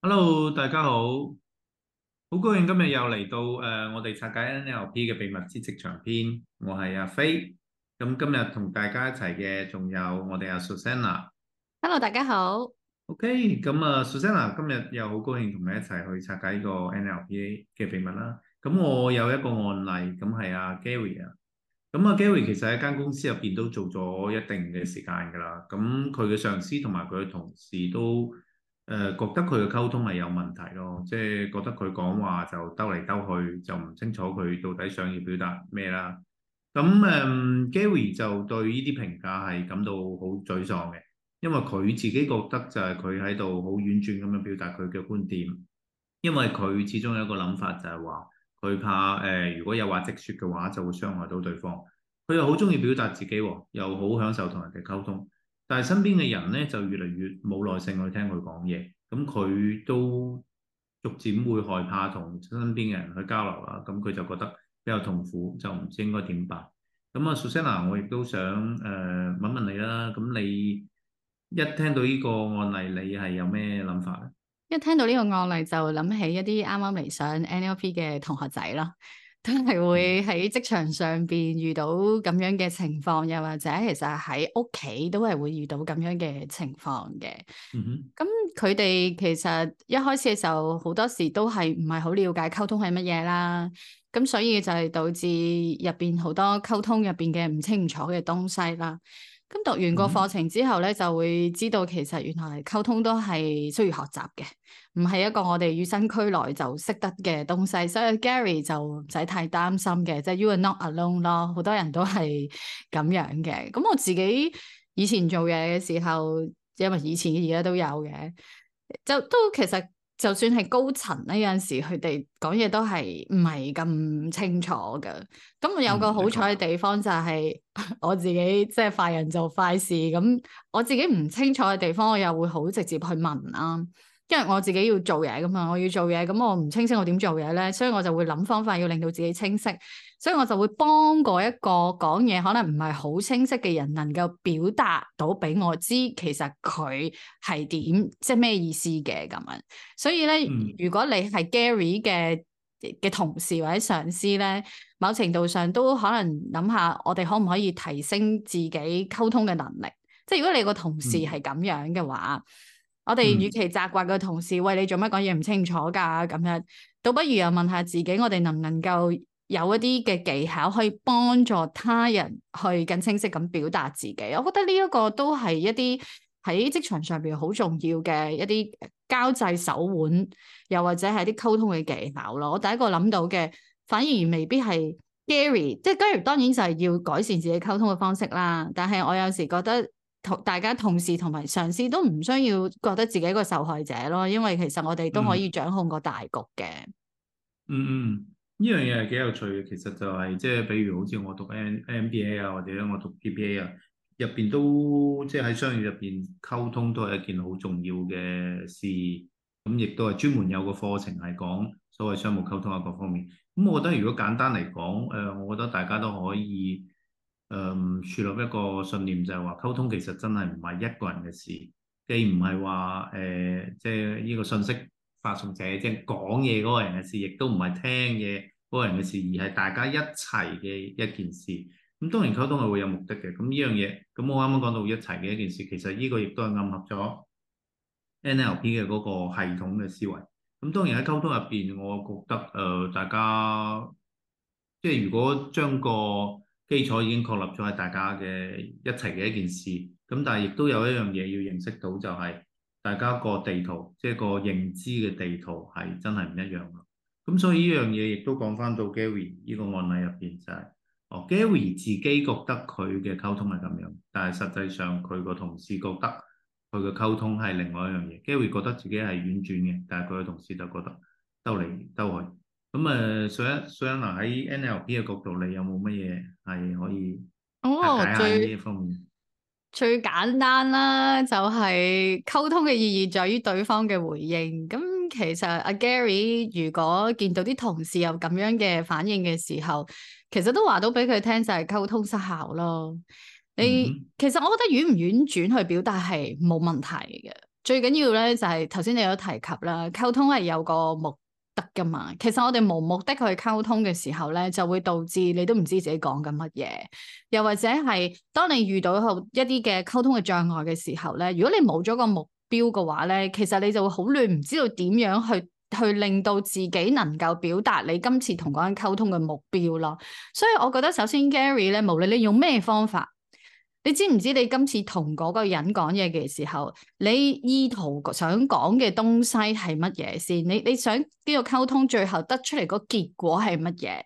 Hello，大家好，好高興今日又嚟到，誒、呃，我哋拆解 NLP 嘅秘密之職場篇，我係阿 Faye，咁今日同大家一齊嘅仲有我哋阿 Susanna。Hello，大家好。OK，咁啊，Susanna 今日又好高興同你一齊去拆解呢個 NLP 嘅秘密啦。咁我有一個案例，咁係阿 Gary 啊。咁阿 Gary 其實喺間公司入邊都做咗一定嘅時間噶啦。咁佢嘅上司同埋佢嘅同事都，誒、呃、覺得佢嘅溝通係有問題咯，即係覺得佢講話就兜嚟兜去，就唔清楚佢到底想要表達咩啦。咁誒、嗯、Gary 就對呢啲評價係感到好沮喪嘅，因為佢自己覺得就係佢喺度好婉轉咁樣表達佢嘅觀點，因為佢始終有一個諗法就係話，佢怕誒如果有話直説嘅話就會傷害到對方。佢又好中意表達自己，又好享受同人哋溝通。但係身邊嘅人咧就越嚟越冇耐性去聽佢講嘢，咁佢都逐漸會害怕同身邊嘅人去交流啦，咁佢就覺得比較痛苦，就唔知應該點辦。咁啊，Susanna，我亦都想誒、呃、問問你啦，咁你一聽到呢個案例，你係有咩諗法咧？一聽到呢個案例就諗起一啲啱啱上 NLP 嘅同學仔咯。都係會喺職場上邊遇到咁樣嘅情況，又或者其實喺屋企都係會遇到咁樣嘅情況嘅。咁佢哋其實一開始嘅時候，好多時都係唔係好了解溝通係乜嘢啦。咁所以就係導致入邊好多溝通入邊嘅唔清楚嘅東西啦。咁讀完個課程之後咧，就會知道其實原來溝通都係需要學習嘅，唔係一個我哋與生俱來就識得嘅東西。所以 Gary 就唔使太擔心嘅，即係 You are not alone 咯，好多人都係咁樣嘅。咁我自己以前做嘢嘅時候，因為以前而家都有嘅，就都其實。就算係高層咧，有陣時佢哋講嘢都係唔係咁清楚嘅。咁我有個好彩嘅地方就係、是嗯、 我自己即係快人就快事。咁我自己唔清楚嘅地方，我又會好直接去問啦。因為我自己要做嘢噶嘛，我要做嘢，咁我唔清晰我點做嘢咧，所以我就會諗方法要令到自己清晰。所以我就會幫過一個講嘢可能唔係好清晰嘅人，能夠表達到俾我知，其實佢係點即係咩意思嘅咁樣。所以咧，嗯、如果你係 Gary 嘅嘅同事或者上司咧，某程度上都可能諗下，我哋可唔可以提升自己溝通嘅能力？即係如果你個同事係咁樣嘅話，嗯、我哋與其責怪個同事，喂你做乜講嘢唔清楚噶咁樣，倒不如又問下自己，我哋能唔能夠？有一啲嘅技巧可以幫助他人去更清晰咁表達自己，我覺得呢一個都係一啲喺職場上邊好重要嘅一啲交際手腕，又或者係啲溝通嘅技巧咯。我第一個諗到嘅反而未必係 Gary，即係 Gary 當然就係要改善自己溝通嘅方式啦。但係我有時覺得同大家同事同埋上司都唔需要覺得自己一個受害者咯，因為其實我哋都可以掌控個大局嘅。嗯。嗯。呢樣嘢係幾有趣嘅，其實就係即係，比如好似我讀 M MBA 啊，或者我讀 PBA 啊，入邊都即係喺商業入邊溝通都係一件好重要嘅事。咁、嗯、亦都係專門有個課程係講所謂商務溝通啊各方面。咁、嗯、我覺得如果簡單嚟講，誒、呃，我覺得大家都可以誒樹、呃、立一個信念就，就係話溝通其實真係唔係一個人嘅事，既唔係話誒，即係呢個信息。發送者即係講嘢嗰個人嘅事，亦都唔係聽嘢嗰個人嘅事，而係大家一齊嘅一件事。咁當然溝通係會有目的嘅。咁呢樣嘢，咁我啱啱講到一齊嘅一件事，其實呢個亦都係暗合咗 NLP 嘅嗰個系統嘅思維。咁當然喺溝通入邊，我覺得誒、呃、大家，即係如果將個基礎已經確立咗係大家嘅一齊嘅一件事，咁但係亦都有一樣嘢要認識到，就係、是。大家個地圖，即係個認知嘅地圖，係真係唔一樣嘅。咁所以呢樣嘢亦都講翻到 Gary 呢個案例入邊就係、是，哦 Gary 自己覺得佢嘅溝通係咁樣，但係實際上佢個同事覺得佢嘅溝通係另外一樣嘢。Gary 覺得自己係婉轉嘅，但係佢嘅同事就覺得兜嚟兜去。咁啊，蘇珊蘇珊娜喺 NLP 嘅角度，你有冇乜嘢係可以解開呢一方面？哦最簡單啦，就係溝通嘅意義在於對方嘅回應。咁其實阿 Gary 如果見到啲同事有咁樣嘅反應嘅時候，其實都話到俾佢聽就係溝通失效咯。你、嗯、其實我覺得婉唔婉轉去表達係冇問題嘅。最緊要咧就係頭先你有提及啦，溝通係有個目的。得噶嘛？其實我哋無目的去溝通嘅時候咧，就會導致你都唔知自己講緊乜嘢。又或者係當你遇到一啲嘅溝通嘅障礙嘅時候咧，如果你冇咗個目標嘅話咧，其實你就會好亂，唔知道點樣去去令到自己能夠表達你今次同嗰人溝通嘅目標咯。所以，我覺得首先 Gary 咧，無論你用咩方法。你知唔知你今次同嗰個人講嘢嘅時候，你意圖想講嘅東西係乜嘢先？你你想呢個溝通最後得出嚟個結果係乜嘢？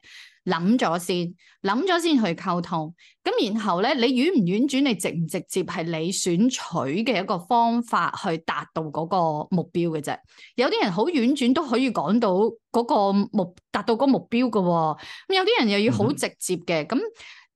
諗咗先，諗咗先去溝通。咁然後咧，你婉唔婉轉？你直唔直接係你選取嘅一個方法去達到嗰個目標嘅啫。有啲人好婉轉都可以講到嗰個目達到嗰個目標㗎喎。咁有啲人又要好直接嘅咁。嗯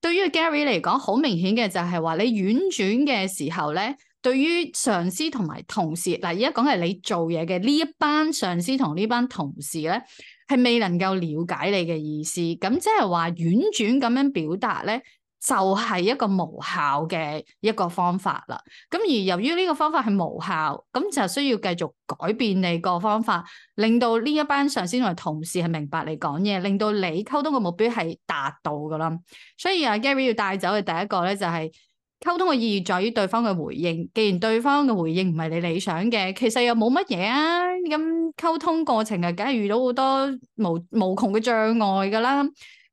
對於 Gary 嚟講，好明顯嘅就係話，你婉轉嘅時候咧，對於上司同埋同事，嗱，而家講係你做嘢嘅呢一班上司同呢班同事咧，係未能夠了解你嘅意思，咁即係話婉轉咁樣表達咧。就係一個無效嘅一個方法啦。咁而由於呢個方法係無效，咁就需要繼續改變你個方法，令到呢一班上司同埋同事係明白你講嘢，令到你溝通嘅目標係達到噶啦。所以啊 Gary 要帶走嘅第一個咧，就係溝通嘅意義在於對方嘅回應。既然對方嘅回應唔係你理想嘅，其實又冇乜嘢啊。咁溝通過程啊梗係遇到好多無無窮嘅障礙噶啦。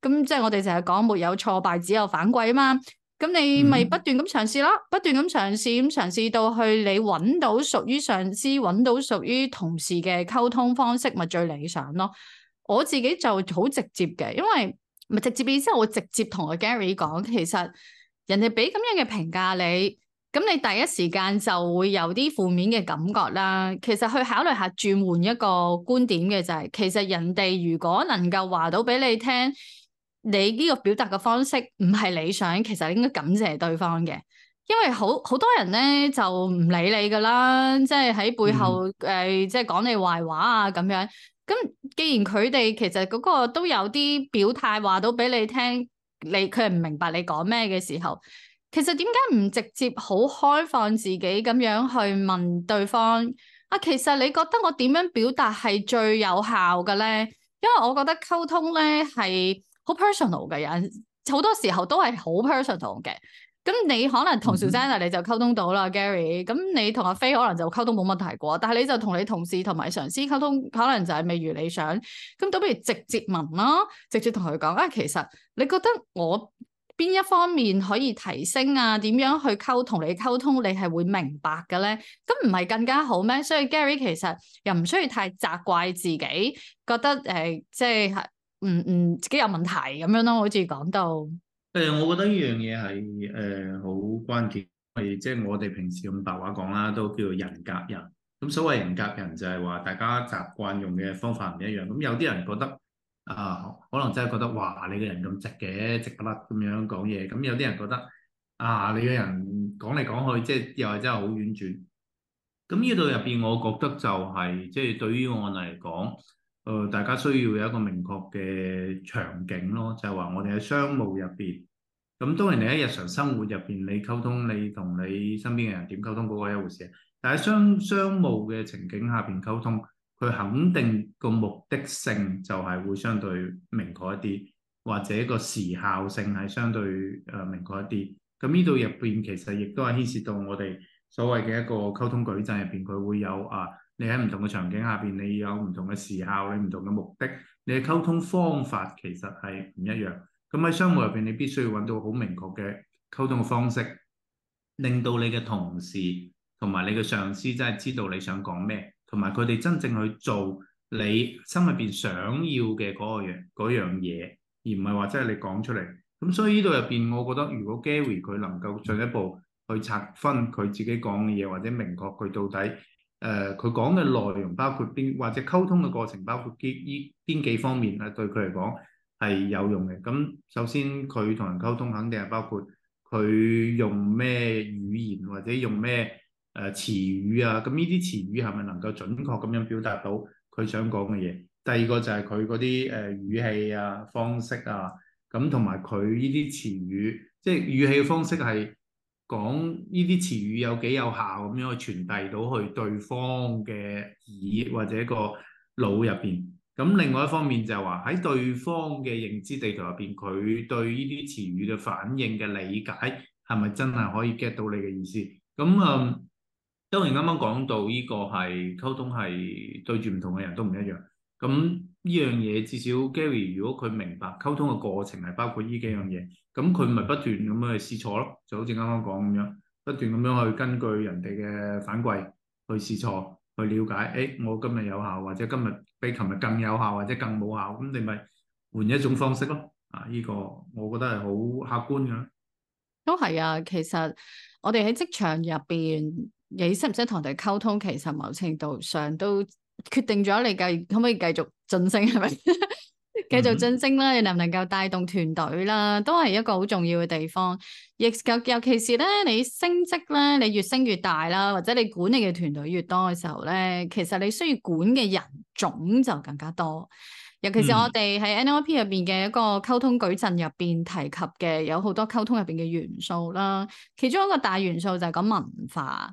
咁、嗯、 即係我哋成日講沒有挫敗，只有反饋啊嘛！咁你咪不斷咁嘗試咯，不斷咁嘗試，咁嘗試到去你搵到屬於上司，搵到屬於同事嘅溝通方式，咪最理想咯。我自己就好直接嘅，因為唔直接嘅意思，我直接同阿 Gary 講，其實人哋俾咁樣嘅評價你，咁你第一時間就會有啲負面嘅感覺啦。其實去考慮下轉換一個觀點嘅就係、是，其實人哋如果能夠話到俾你聽。你呢個表達嘅方式唔係理想，其實應該感謝對方嘅，因為好好多人咧就唔理你㗎啦，即係喺背後誒、嗯呃，即係講你壞話啊咁樣。咁既然佢哋其實嗰個都有啲表態話到俾你聽，你佢唔明白你講咩嘅時候，其實點解唔直接好開放自己咁樣去問對方啊？其實你覺得我點樣表達係最有效嘅咧？因為我覺得溝通咧係。好 personal 嘅人，好多時候都係好 personal 嘅。咁你可能同 Susanna 你就溝通到啦，Gary。咁你同阿飛可能就溝通冇問題過，但係你就同你同事同埋上司溝通，可能就係未如理想。咁倒不如直接問啦，直接同佢講啊，其實你覺得我邊一方面可以提升啊？點樣去溝同你溝通，你係會明白嘅咧？咁唔係更加好咩？所以 Gary 其實又唔需要太責怪自己，覺得誒、呃，即係。嗯嗯，自己有問題咁樣咯，好似講到誒，我覺得呢樣嘢係誒好關鍵，係即係我哋平時用白話講啦，都叫人夾人。咁所謂人夾人就係話大家習慣用嘅方法唔一樣。咁有啲人覺得啊，可能真係覺得，哇，你個人咁直嘅，直不甩咁樣講嘢。咁有啲人覺得啊，你個人講嚟講去，即係又係真係好婉轉。咁呢度入邊，我覺得就係即係對於我嚟講。誒、呃，大家需要有一個明確嘅場景咯，就係、是、話我哋喺商務入邊，咁、嗯、當然你喺日常生活入邊，你溝通你同你身邊嘅人點溝通嗰、那個一回事。但喺商商務嘅情景下邊溝通，佢肯定個目的性就係會相對明確一啲，或者個時效性係相對誒、呃、明確一啲。咁呢度入邊其實亦都係牽涉到我哋所謂嘅一個溝通舉證入邊，佢會有啊。你喺唔同嘅場景下邊，你有唔同嘅時效，你唔同嘅目的，你嘅溝通方法其實係唔一樣。咁喺商務入邊，你必須要揾到好明確嘅溝通嘅方式，令到你嘅同事同埋你嘅上司真係知道你想講咩，同埋佢哋真正去做你心入邊想要嘅嗰個樣嗰樣嘢，而唔係話真係你講出嚟。咁所以呢度入邊，我覺得如果 Gary 佢能夠進一步去拆分佢自己講嘅嘢，或者明確佢到底。誒佢講嘅內容包括邊，或者溝通嘅過程包括幾依邊幾方面咧？對佢嚟講係有用嘅。咁首先佢同人溝通，肯定係包括佢用咩語言或者用咩誒詞語啊。咁呢啲詞語係咪能夠準確咁樣表達到佢想講嘅嘢？第二個就係佢嗰啲誒語氣啊、方式啊，咁同埋佢呢啲詞語，即係語氣方式係。講呢啲詞語有幾有效，咁樣去傳遞到去對方嘅耳或者個腦入邊。咁另外一方面就係話喺對方嘅認知地圖入邊，佢對呢啲詞語嘅反應嘅理解係咪真係可以 get 到你嘅意思？咁啊、嗯，當然啱啱講到呢個係溝通係對住唔同嘅人都唔一樣。咁呢樣嘢至少 Gary，如果佢明白溝通嘅過程係包括呢幾樣嘢，咁佢咪不斷咁樣去試錯咯。就好似啱啱講咁樣，不斷咁樣去根據人哋嘅反饋去試錯，去了解。誒、哎，我今日有效，或者今日比琴日更有效，或者更冇效，咁你咪換一種方式咯。啊，呢、這個我覺得係好客觀嘅。都係啊，其實我哋喺職場入邊，你識唔識同人哋溝通，其實某程度上都決定咗你繼可唔可以繼續晉升，係咪？ 繼續晉升啦，你能唔能夠帶動團隊啦，都係一個好重要嘅地方。亦尤尤其是咧，你升職咧，你越升越大啦，或者你管理嘅團隊越多嘅時候咧，其實你需要管嘅人種就更加多。尤其是我哋喺 NLP 入邊嘅一個溝通矩陣入邊提及嘅，有好多溝通入邊嘅元素啦。其中一個大元素就係講文化。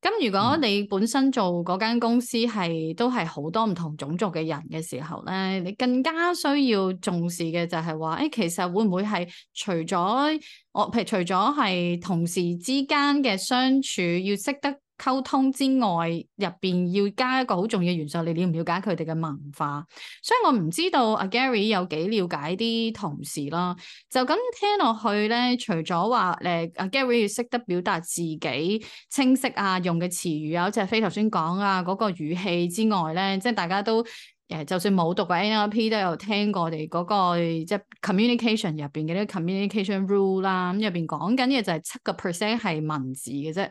咁如果你本身做嗰間公司係都係好多唔同種族嘅人嘅時候咧，你更加需要重視嘅就係話，誒、哎、其實會唔會係除咗我，譬如除咗係同事之間嘅相處要識得。溝通之外，入邊要加一個好重要元素，你了唔了解佢哋嘅文化？所以我唔知道阿 Gary 有幾了解啲同事啦。就咁聽落去咧，除咗話誒阿 Gary 要識得表達自己清晰啊，用嘅詞語啊，好似係飛頭先講啊，嗰個語氣之外咧，即係大家都誒，就算冇讀過 NLP 都有聽過哋嗰、嗰個即係 communication 入邊嘅啲 communication rule 啦、啊。咁入邊講緊嘅就係七個 percent 係文字嘅啫。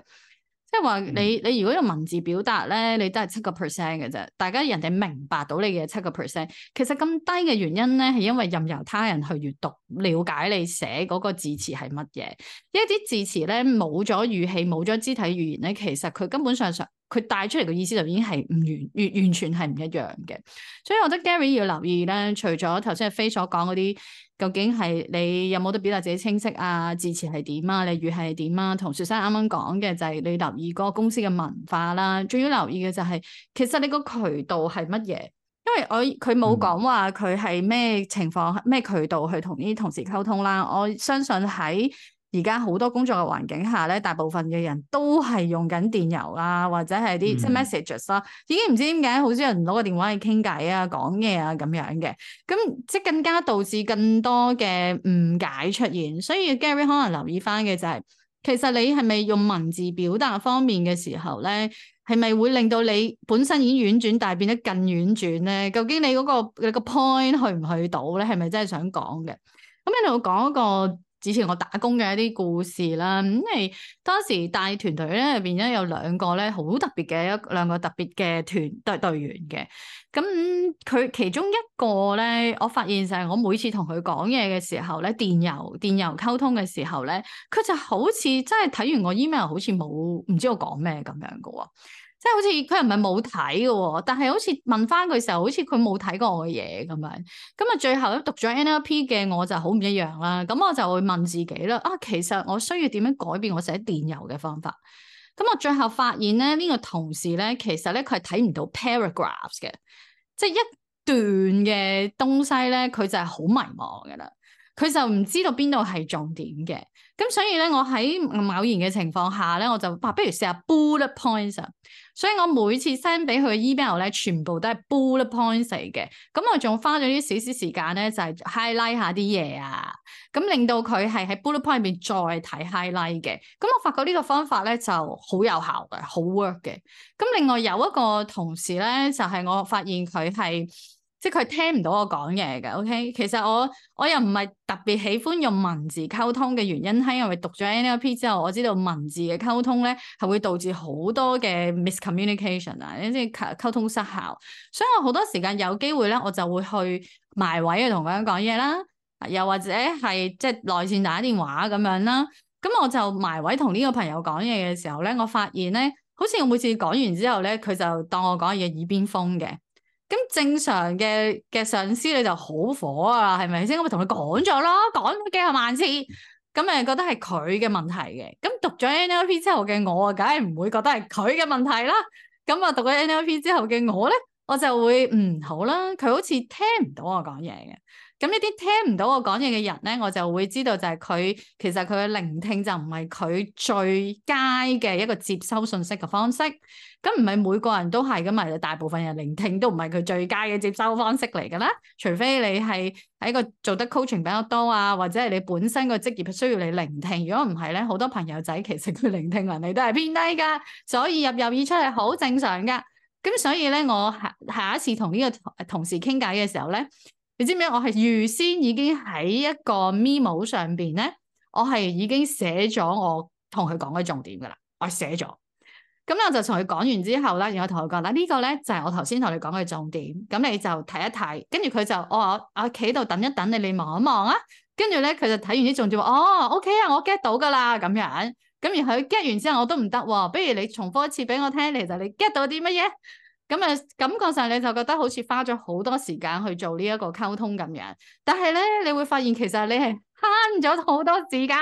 即係話你你如果用文字表達咧，你都係七個 percent 嘅啫。大家人哋明白到你嘅七個 percent，其實咁低嘅原因咧，係因為任由他人去閱讀、了解你寫嗰個字詞係乜嘢。因為啲字詞咧冇咗語氣、冇咗肢體語言咧，其實佢根本上就。佢帶出嚟個意思就已經係唔完完完全係唔一樣嘅，所以我覺得 Gary 要留意咧，除咗頭先阿飛所講嗰啲，究竟係你有冇得表達自己清晰啊？字詞係點啊？例如係點啊？同雪生啱啱講嘅就係你留意個公司嘅文化啦。仲要留意嘅就係其實你個渠道係乜嘢？因為我佢冇講話佢係咩情況咩渠道去同呢啲同事溝通啦。我相信喺而家好多工作嘅環境下咧，大部分嘅人都係用緊電郵啊，或者係啲、嗯、即係 messages 啦，已經唔知點解好少人攞個電話去傾偈啊、講嘢啊咁樣嘅，咁即係更加導致更多嘅誤解出現。所以 Gary 可能留意翻嘅就係、是，其實你係咪用文字表達方面嘅時候咧，係咪會令到你本身已經婉轉，但係變得更婉轉咧？究竟你嗰、嗰個你個 point 去唔去到咧？係咪真係想講嘅？咁你同我講一個。之前我打工嘅一啲故事啦，咁係當時帶團隊咧，入邊咧，有兩個咧，好特別嘅一兩個特別嘅團隊隊員嘅。咁佢其中一個咧，我發現就係我每次同佢講嘢嘅時候咧，電郵電郵溝通嘅時候咧，佢就好似真係睇完我 email，好似冇唔知我講咩咁樣嘅喎。即係好似佢又唔係冇睇嘅，但係好似問翻佢時候，好似佢冇睇過我嘅嘢咁樣。咁啊，最後咧讀咗 NLP 嘅我就好唔一樣啦。咁我就會問自己啦，啊，其實我需要點樣改變我寫電郵嘅方法？咁我最後發現咧，呢個同事咧，其實咧佢係睇唔到 paragraphs 嘅，即係一段嘅東西咧，佢就係好迷茫噶啦，佢就唔知道邊度係重點嘅。咁所以咧，我喺偶然嘅情況下咧，我就話不如試下 bullet points。所以我每次 send 俾佢嘅 email 咧，全部都係 bullet points 嚟嘅。咁我仲花咗啲少少時間咧，就係 highlight 下啲嘢啊。咁令到佢係喺 bullet point 入面再睇 highlight 嘅。咁我發覺呢個方法咧就好有效嘅，好 work 嘅。咁另外有一個同事咧，就係我發現佢係。即係佢聽唔到我講嘢嘅，OK？其實我我又唔係特別喜歡用文字溝通嘅原因，係因為讀咗 NLP 之後，我知道文字嘅溝通咧係會導致好多嘅 miscommunication 啊，即係溝通失效。所以我好多時間有機會咧，我就會去埋位去同佢講嘢啦，又或者係即係內線打電話咁樣啦。咁我就埋位同呢個朋友講嘢嘅時候咧，我發現咧，好似我每次講完之後咧，佢就當我講嘢耳邊風嘅。咁正常嘅嘅上司你就好火啊，係咪先？我咪同佢講咗咯，講咗幾十萬次，咁誒覺得係佢嘅問題嘅。咁讀咗 NLP 之後嘅我啊，梗係唔會覺得係佢嘅問題啦。咁啊讀咗 NLP 之後嘅我咧，我就會嗯，好啦，佢好似聽唔到我講嘢嘅。咁呢啲聽唔到我講嘢嘅人咧，我就會知道就係佢其實佢嘅聆聽就唔係佢最佳嘅一個接收信息嘅方式。咁唔係每個人都係噶嘛，大部分人聆聽都唔係佢最佳嘅接收方式嚟嘅啦。除非你係喺個做得 coaching 比較多啊，或者係你本身個職業需要你聆聽。如果唔係咧，好多朋友仔其實佢聆聽能力都係偏低噶，所以入入耳出係好正常噶。咁所以咧，我下一次同呢個同事傾偈嘅時候咧。你知唔知我係預先已經喺一個 memo 上邊咧，我係已經寫咗我同佢講嘅重點噶啦，我寫咗。咁我就同佢講完之後咧，然後同佢講啦，呢、呢個咧就係我頭先同你講嘅重點，咁你就睇一睇。跟住佢就、哦、我我企度等一等你，你望一望啊。跟住咧，佢就睇完啲重點哦，OK 啊，我 get 到噶啦，咁樣。咁然後佢 get 完之後，我都唔得喎。不如你重複一次俾我聽，其實你 get 到啲乜嘢？咁啊，感覺上你就覺得好似花咗好多時間去做呢一個溝通咁樣，但係咧，你會發現其實你係慳咗好多時間，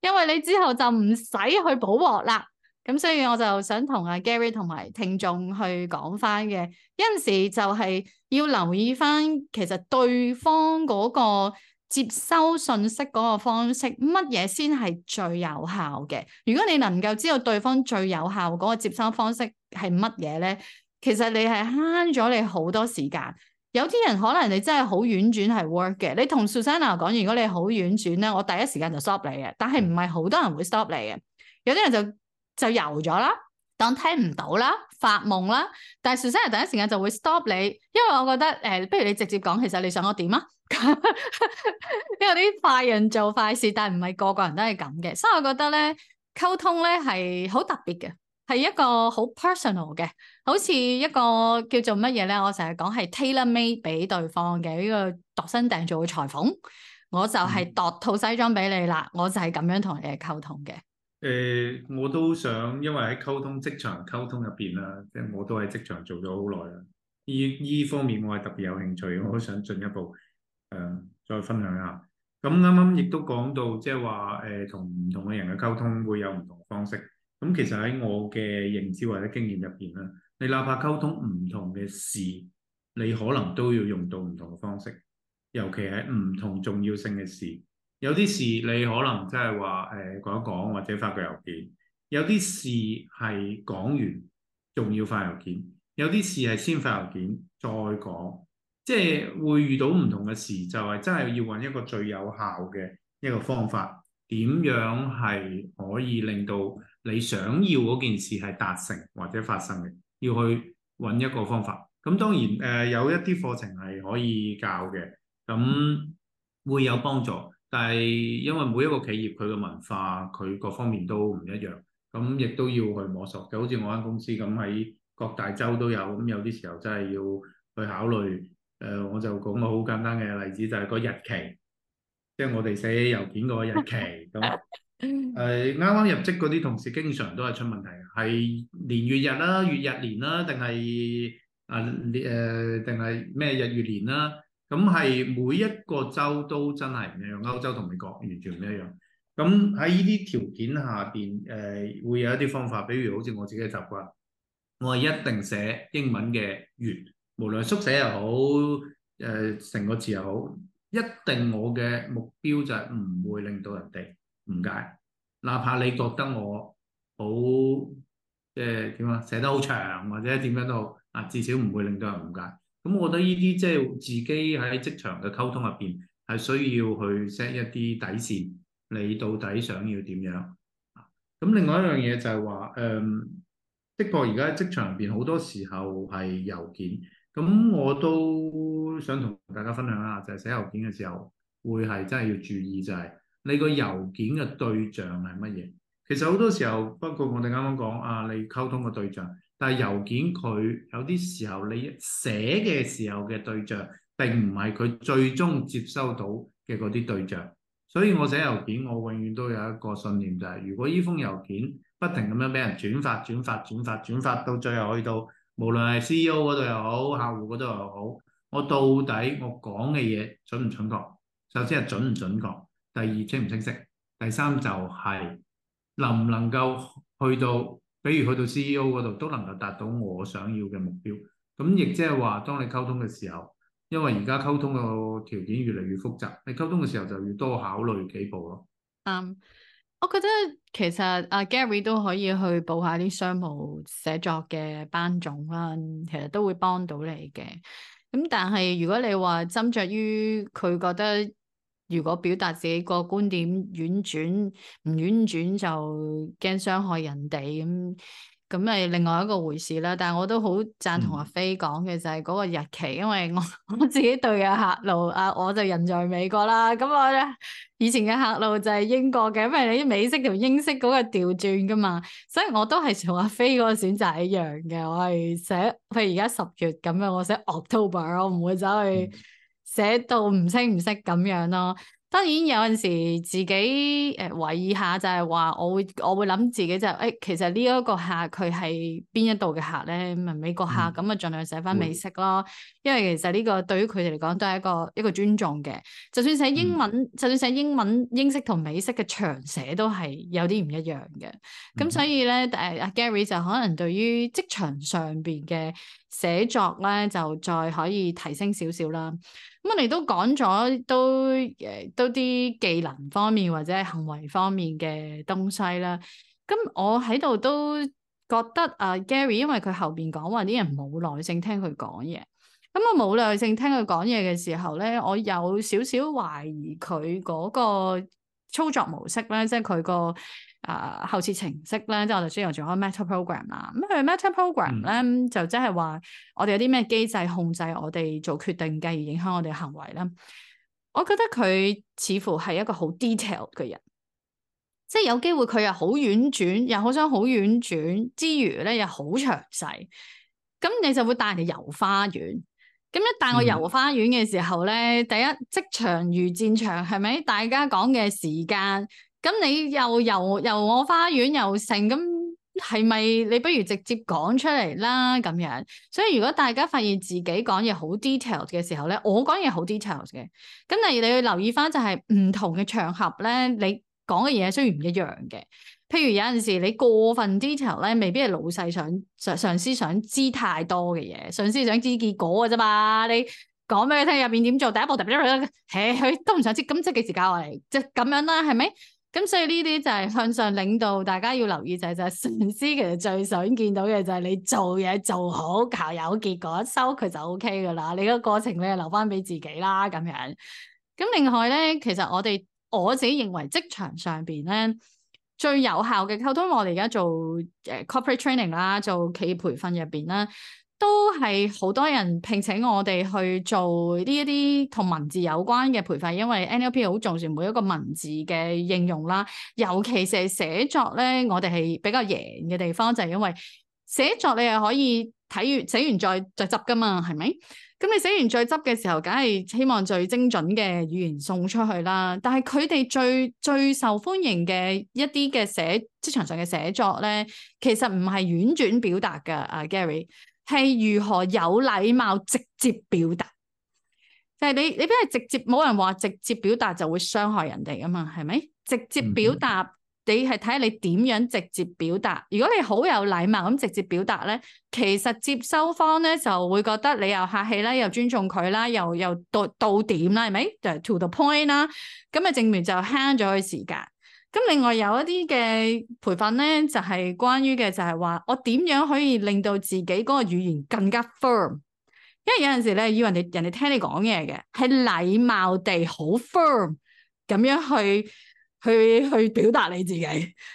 因為你之後就唔使去補鑊啦。咁所以我就想同阿 Gary 同埋聽眾去講翻嘅，有陣時就係要留意翻其實對方嗰個接收信息嗰個方式，乜嘢先係最有效嘅？如果你能夠知道對方最有效嗰個接收方式係乜嘢咧？其實你係慳咗你好多時間。有啲人可能你真係好婉轉係 work 嘅。你同 Susanna 講，如果你好婉轉咧，我第一時間就 stop 你嘅。但係唔係好多人會 stop 你嘅。有啲人就就遊咗啦，當聽唔到啦，發夢啦。但係 Susanna 第一時間就會 stop 你，因為我覺得誒、呃，不如你直接講，其實你想我點啊？因為啲快人做快事，但係唔係個個人都係咁嘅，所以我覺得咧溝通咧係好特別嘅。係一個好 personal 嘅，好似一個叫做乜嘢咧？我成日講係 tailor made 俾對方嘅呢個度身訂做嘅裁縫，我就係度套西裝俾你啦，我就係咁樣同你哋溝通嘅。誒、嗯欸，我都想因為喺溝通職場溝通入邊啦，即係我都喺職場做咗好耐啦，呢呢方面我係特別有興趣，我都想進一步誒、呃、再分享一下。咁啱啱亦都講到即係話誒，同唔同嘅人嘅溝通會有唔同方式。咁其實喺我嘅認知或者經驗入邊啦，你哪怕溝通唔同嘅事，你可能都要用到唔同嘅方式。尤其係唔同重要性嘅事，有啲事你可能即係話誒，講一講或者發個郵件，有啲事係講完仲要發郵件，有啲事係先發郵件再講，即係會遇到唔同嘅事，就係真係要揾一個最有效嘅一個方法，點樣係可以令到。你想要嗰件事係達成或者發生嘅，要去揾一個方法。咁當然誒、呃，有一啲課程係可以教嘅，咁會有幫助。但係因為每一個企業佢嘅文化，佢各方面都唔一樣，咁亦都要去摸索。就好似我間公司咁，喺各大洲都有，咁有啲時候真係要去考慮。誒、呃，我就講個好簡單嘅例子，就係、係、個日期，即係我哋寫郵件個日期咁。 係啱啱入職嗰啲同事經常都係出問題，係年月日啦、月日年啦，定係啊誒定係咩日月年啦？咁係每一個州都真係唔一樣，歐洲同美國完全唔一樣。咁喺呢啲條件下邊，誒會有一啲方法，比如好似我自己嘅習慣，我係一定寫英文嘅月，無論縮寫又好，誒成個字又好，一定我嘅目標就係唔會令到人哋唔解。哪怕你覺得我好即係點啊，寫得好長或者點樣都好，啊至少唔會令到人誤解。咁我覺得呢啲即係自己喺職場嘅溝通入邊係需要去 set 一啲底線，你到底想要點樣？咁另外一樣嘢就係話，誒、嗯、的確而家喺職場入邊好多時候係郵件，咁我都想同大家分享一下，就係、是、寫郵件嘅時候會係真係要注意就係、是。你個郵件嘅對象係乜嘢？其實好多時候，包括我哋啱啱講啊，你溝通嘅對象，但係郵件佢有啲時候你寫嘅時候嘅對象並唔係佢最終接收到嘅嗰啲對象。所以我寫郵件，我永遠都有一個信念就係如果呢封郵件不停咁樣俾人轉發、轉發、轉發、轉發，到最後去到無論係 CEO 嗰度又好，客戶嗰度又好，我到底我講嘅嘢準唔準確？首先係準唔準確。第二清唔清晰，第三就係能唔能夠去到，比如去到 CEO 嗰度都能夠達到我想要嘅目標。咁亦即係話，當你溝通嘅時候，因為而家溝通嘅條件越嚟越複雜，你溝通嘅時候就要多考慮幾步咯。啱，um, 我覺得其實阿 Gary 都可以去報下啲商務寫作嘅班種啦，其實都會幫到你嘅。咁但係如果你話斟酌於佢覺得，如果表達自己個觀點婉轉唔婉轉就驚傷害人哋咁，咁咪另外一個回事啦。但係我都好贊同阿飛講嘅就係嗰個日期，因為我我自己對嘅客路啊，我就人在美國啦。咁我咧以前嘅客路就係英國嘅，因為你啲美式同英式嗰個調轉㗎嘛，所以我都係同阿飛嗰個選擇一樣嘅。我係寫譬如而家十月咁樣，我寫 October，我唔會走去。嗯。寫到唔清唔晰咁樣咯，當然有陣時自己誒，懷疑、呃、下就係話我會我會諗自己就誒、是欸，其實呢一個客佢係邊一度嘅客咧，咪美國客咁啊，盡量寫翻美式咯。嗯、因為其實呢個對於佢哋嚟講都係一個一個尊重嘅。就算寫英文，嗯、就算寫英文英式同美式嘅長寫都係有啲唔一樣嘅。咁、嗯、所以咧，誒阿 Gary 就可能對於職場上邊嘅寫作咧，就再可以提升少少啦。咁我哋都講咗都誒都啲技能方面或者係行為方面嘅東西啦。咁我喺度都覺得啊 Gary，因為佢後邊講話啲人冇耐性聽佢講嘢。咁我冇耐性聽佢講嘢嘅時候咧，我有少少懷疑佢嗰個操作模式咧，即係佢個。誒、呃、後設程式咧，即係我就專研咗 Meta Program 啦。咁佢 Meta Program 咧，就即係話我哋有啲咩機制控制我哋做決定，繼而影響我哋嘅行為咧。我覺得佢似乎係一個好 detail 嘅人，即係有機會佢又好婉轉，又好想好婉轉之餘咧，又好詳細。咁你就會帶人哋遊花園。咁一帶我遊花園嘅時候咧，嗯、第一，職場如戰場，係咪？大家講嘅時間。咁你又由又我花樣又成，咁係咪你不如直接講出嚟啦？咁樣，所以如果大家發現自己講嘢好 details 嘅時候咧，我講嘢好 details 嘅，咁但係你要留意翻就係唔同嘅場合咧，你講嘅嘢雖然唔一樣嘅，譬如有陣時你過分 details 咧，未必係老細想上上司想知太多嘅嘢，上司想知結果嘅啫嘛。你講俾佢聽入面點做，第一步，特別，誒佢都唔想知，咁即係幾時教我嚟，即係咁樣啦，係咪？咁所以呢啲就係向上領導，大家要留意就係就係上司其實最想見到嘅就係你做嘢做好，搞有結果收佢就 OK 噶啦。你個過程你係留翻俾自己啦咁樣。咁另外咧，其實我哋我自己認為職場上邊咧最有效嘅溝通，我哋而家做誒 corporate training 啦，做企業培訓入邊啦。都係好多人聘請我哋去做呢一啲同文字有關嘅培訓，因為 NLP 好重視每一個文字嘅應用啦。尤其是係寫作咧，我哋係比較贏嘅地方，就係因為寫作你係可以睇完寫完再再執噶嘛，係咪？咁你寫完再執嘅時候，梗係希望最精準嘅語言送出去啦。但係佢哋最最受歡迎嘅一啲嘅寫職場上嘅寫作咧，其實唔係婉轉表達㗎，阿 Gary。係如何有禮貌直接表達？就係、是、你，你邊係直接？冇人話直接表達就會傷害人哋噶嘛？係咪？直接表達，你係睇下你點樣直接表達。如果你好有禮貌咁直接表達咧，其實接收方咧就會覺得你又客氣啦，又尊重佢啦，又又到到點啦，係咪？就 to the point 啦。咁咪證明就慳咗佢時間。咁另外有一啲嘅培訓咧，就係、是、關於嘅就係話，我點樣可以令到自己嗰個語言更加 firm？因為有陣時咧，要人哋人哋聽你講嘢嘅，係禮貌地好 firm 咁樣去去去表達你自己，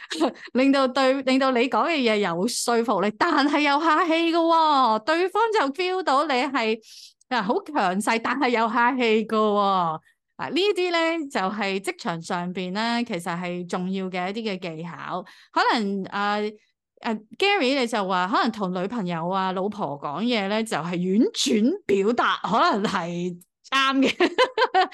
令到對令到你講嘅嘢有說服力，但係又客氣嘅喎、哦，對方就 feel 到你係啊好強勢，但係又客氣嘅喎、哦。嗱、啊、呢啲咧就係、是、職場上邊咧，其實係重要嘅一啲嘅技巧。可能啊啊 Gary，你就話可能同女朋友啊、老婆講嘢咧，就係婉轉表達，可能係啱嘅。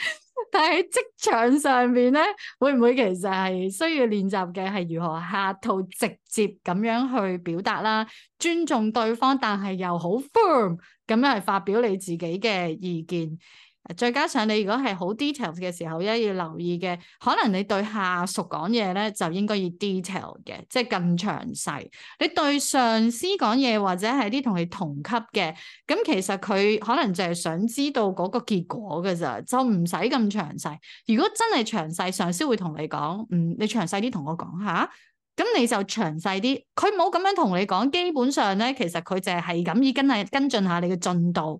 但係喺職場上邊咧，會唔會其實係需要練習嘅係如何下套直接咁樣去表達啦？尊重對方，但係又好 firm 咁樣去發表你自己嘅意見。再加上你如果係好 detail 嘅時候，一要留意嘅，可能你對下屬講嘢咧就應該要 detail 嘅，即係更詳細。你對上司講嘢或者係啲同佢同級嘅，咁其實佢可能就係想知道嗰個結果噶咋，就唔使咁詳細。如果真係詳細，上司會同你講，嗯，你詳細啲同我講下，咁你就詳細啲。佢冇咁樣同你講，基本上咧，其實佢就係係咁意跟下跟進下你嘅進度。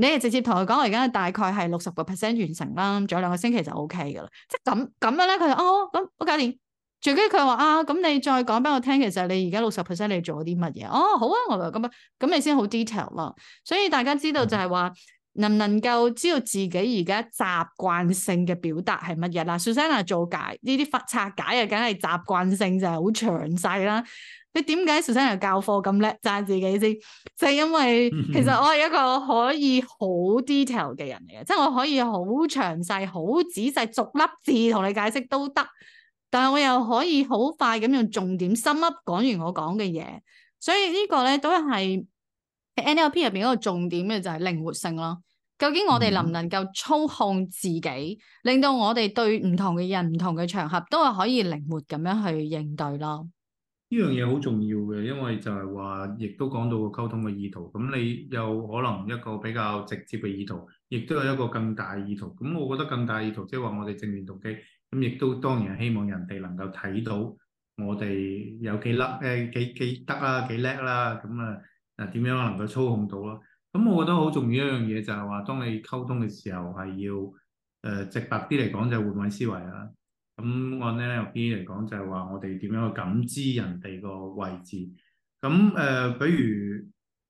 你係直接同佢講，我而家大概係六十個 percent 完成啦，仲有兩個星期就 OK 㗎啦。即咁咁樣咧，佢就哦，咁，我搞掂最緊要佢話啊，咁你再講俾我聽，其實你而家六十 percent 你做咗啲乜嘢？哦，好啊，我就咁啊，咁你先好 detail 啦。所以大家知道就係話。能唔能夠知道自己而家習慣性嘅表達係乜嘢啦？Susanna 又做解呢啲複拆解啊，梗係習慣性就係好詳細啦。你點解 Susanna 又教課咁叻？讚自己先，就係、因為其實我係一個可以好 detail 嘅人嚟嘅，即係 我可以好詳細、好仔細逐粒字同你解釋都得，但係我又可以好快咁用重點深粒講完我講嘅嘢。所以個呢個咧都係 NLP 入邊一個重點嘅就係靈活性咯。究竟我哋能唔能夠操控自己，嗯、令到我哋對唔同嘅人、唔同嘅場合都係可以靈活咁樣去應對咯？呢樣嘢好重要嘅，因為就係話，亦都講到個溝通嘅意圖。咁你有可能一個比較直接嘅意圖，亦都有一個更大意圖。咁我覺得更大意圖，即係話我哋正面動機。咁亦都當然係希望人哋能夠睇到我哋有幾叻誒、呃、幾幾得啦、啊、幾叻啦、啊。咁啊啊點樣能夠操控到咯、啊？咁我覺得好重要一樣嘢就係話，當你溝通嘅時候係要誒、呃、直白啲嚟講就換位思維啦。咁按 NLP 嚟講就係話，我哋點樣去感知人哋個位置？咁誒、呃，比如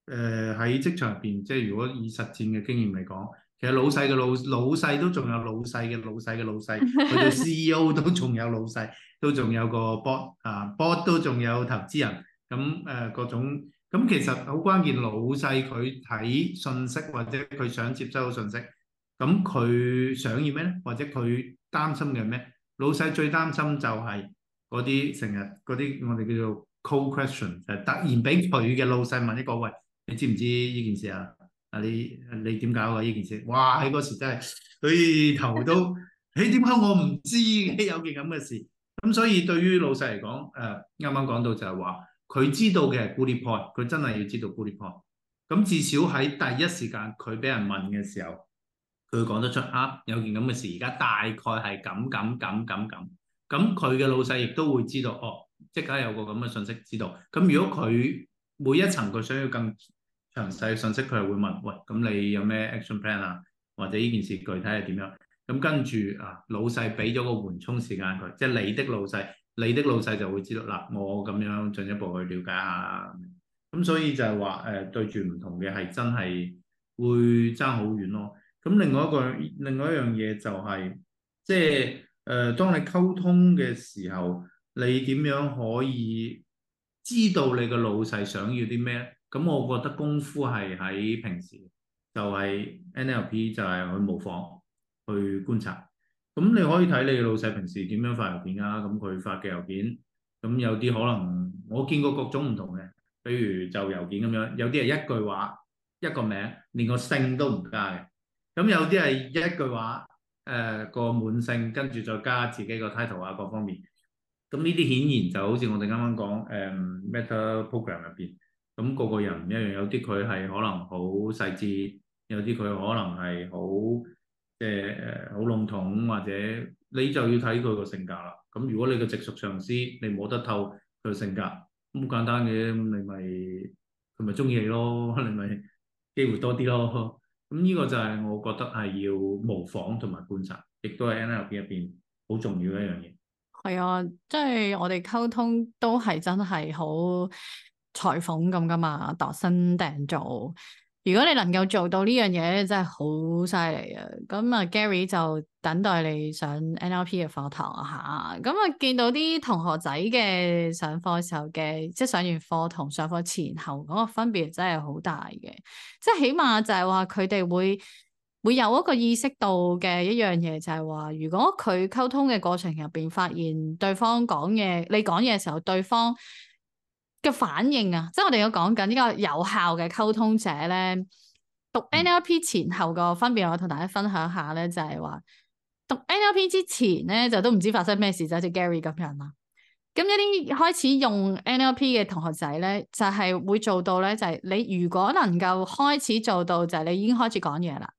誒喺職場入邊，即係如果以實戰嘅經驗嚟講，其實老細嘅老老細都仲有老細嘅老細嘅老細，佢哋 CEO 都仲有老細，都仲有個 board 啊，board 都仲有投資人，咁誒、呃、各種。咁其實好關鍵，老細佢睇信息或者佢想接收到信息，咁佢想要咩咧？或者佢擔心嘅咩？老細最擔心就係嗰啲成日嗰啲我哋叫做 call question，就係突然俾佢嘅老細問一個，喂，你知唔知呢件事啊？啊你你點搞啊？呢件事、啊，哇！喺嗰時真係，佢頭都，誒點解我唔知？有件咁嘅事，咁所以對於老細嚟講，誒啱啱講到就係話。佢知道嘅係 Goodie point」，佢真係要知道 Goodie point」。咁至少喺第一時間佢俾人問嘅時候，佢講得出啊，有件咁嘅事，而家大概係咁咁咁咁咁。咁佢嘅老細亦都會知道，哦，即刻有個咁嘅信息知道。咁如果佢每一層佢想要更詳細嘅信息，佢係會問，喂，咁你有咩 action plan 啊？或者呢件事具體係點樣？咁跟住啊，老細俾咗個緩衝時間佢，即係你的老細。你的老細就會知道啦，我咁樣進一步去了解下，咁所以就係話誒，對住唔同嘅係真係會差好遠咯。咁另外一個另外一樣嘢就係、是、即係誒、呃，當你溝通嘅時候，你點樣可以知道你嘅老細想要啲咩？咁我覺得功夫係喺平時，就係、是、NLP 就係去模仿去觀察。咁你可以睇你老細平時點樣發郵件啊。咁佢發嘅郵件，咁有啲可能我見過各種唔同嘅，比如就郵件咁樣，有啲係一句話一個名，連個姓都唔加嘅，咁有啲係一句話，誒個，個、呃、個滿姓跟住再加自己個 title 啊各方面，咁呢啲顯然就好似我哋啱啱講誒、嗯、Meta Program 入邊，咁、那個個人唔一樣，有啲佢係可能好細緻，有啲佢可能係好。誒誒，好籠統，或者你就要睇佢個性格啦。咁如果你個直屬上司你摸得透佢性格，咁好簡單嘅，你咪佢咪中意你咯，你咪機會多啲咯。咁、嗯、呢 個就係我覺得係要模仿同埋觀察，亦都係 NLP 入邊好重要一樣嘢。係啊，即、就、係、是、我哋溝通都係真係好裁縫咁噶嘛，度身訂造。如果你能夠做到呢樣嘢，真係好犀利啊！咁啊 Gary 就等待你上 NLP 嘅課堂啊嚇！咁啊見到啲同學仔嘅上課時候嘅，即係上完課同上課前後嗰個分別真係好大嘅，即係起碼就係話佢哋會會有一個意識到嘅一樣嘢，就係話如果佢溝通嘅過程入邊發現對方講嘢，你講嘢時候對方。嘅反應啊，即係我哋要講緊呢個有效嘅溝通者咧，讀 NLP 前後個分別，我同大家分享下咧，就係話讀 NLP 之前咧，就都唔知發生咩事，就好似 Gary 咁樣啦。咁一啲開始用 NLP 嘅同學仔咧，就係會做到咧，就係你如果能夠開始做到，就係你已經開始講嘢啦。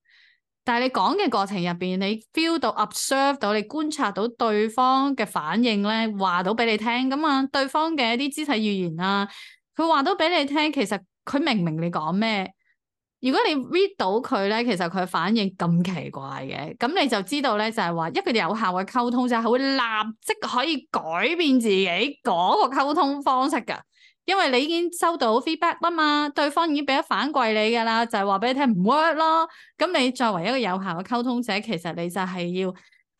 但係你講嘅過程入邊，你 feel 到、observe 到，你觀察到對方嘅反應咧，話到俾你聽咁啊，對方嘅一啲肢體語言啊，佢話到俾你聽，其實佢明唔明你講咩？如果你 read 到佢咧，其實佢反應咁奇怪嘅，咁你就知道咧，就係話一個有效嘅溝通就係會立即可以改變自己嗰個溝通方式噶。因為你已經收到 feedback 啊嘛，對方已經俾咗反饋你㗎啦，就係話俾你聽唔 work 咯。咁你作為一個有效嘅溝通者，其實你就係要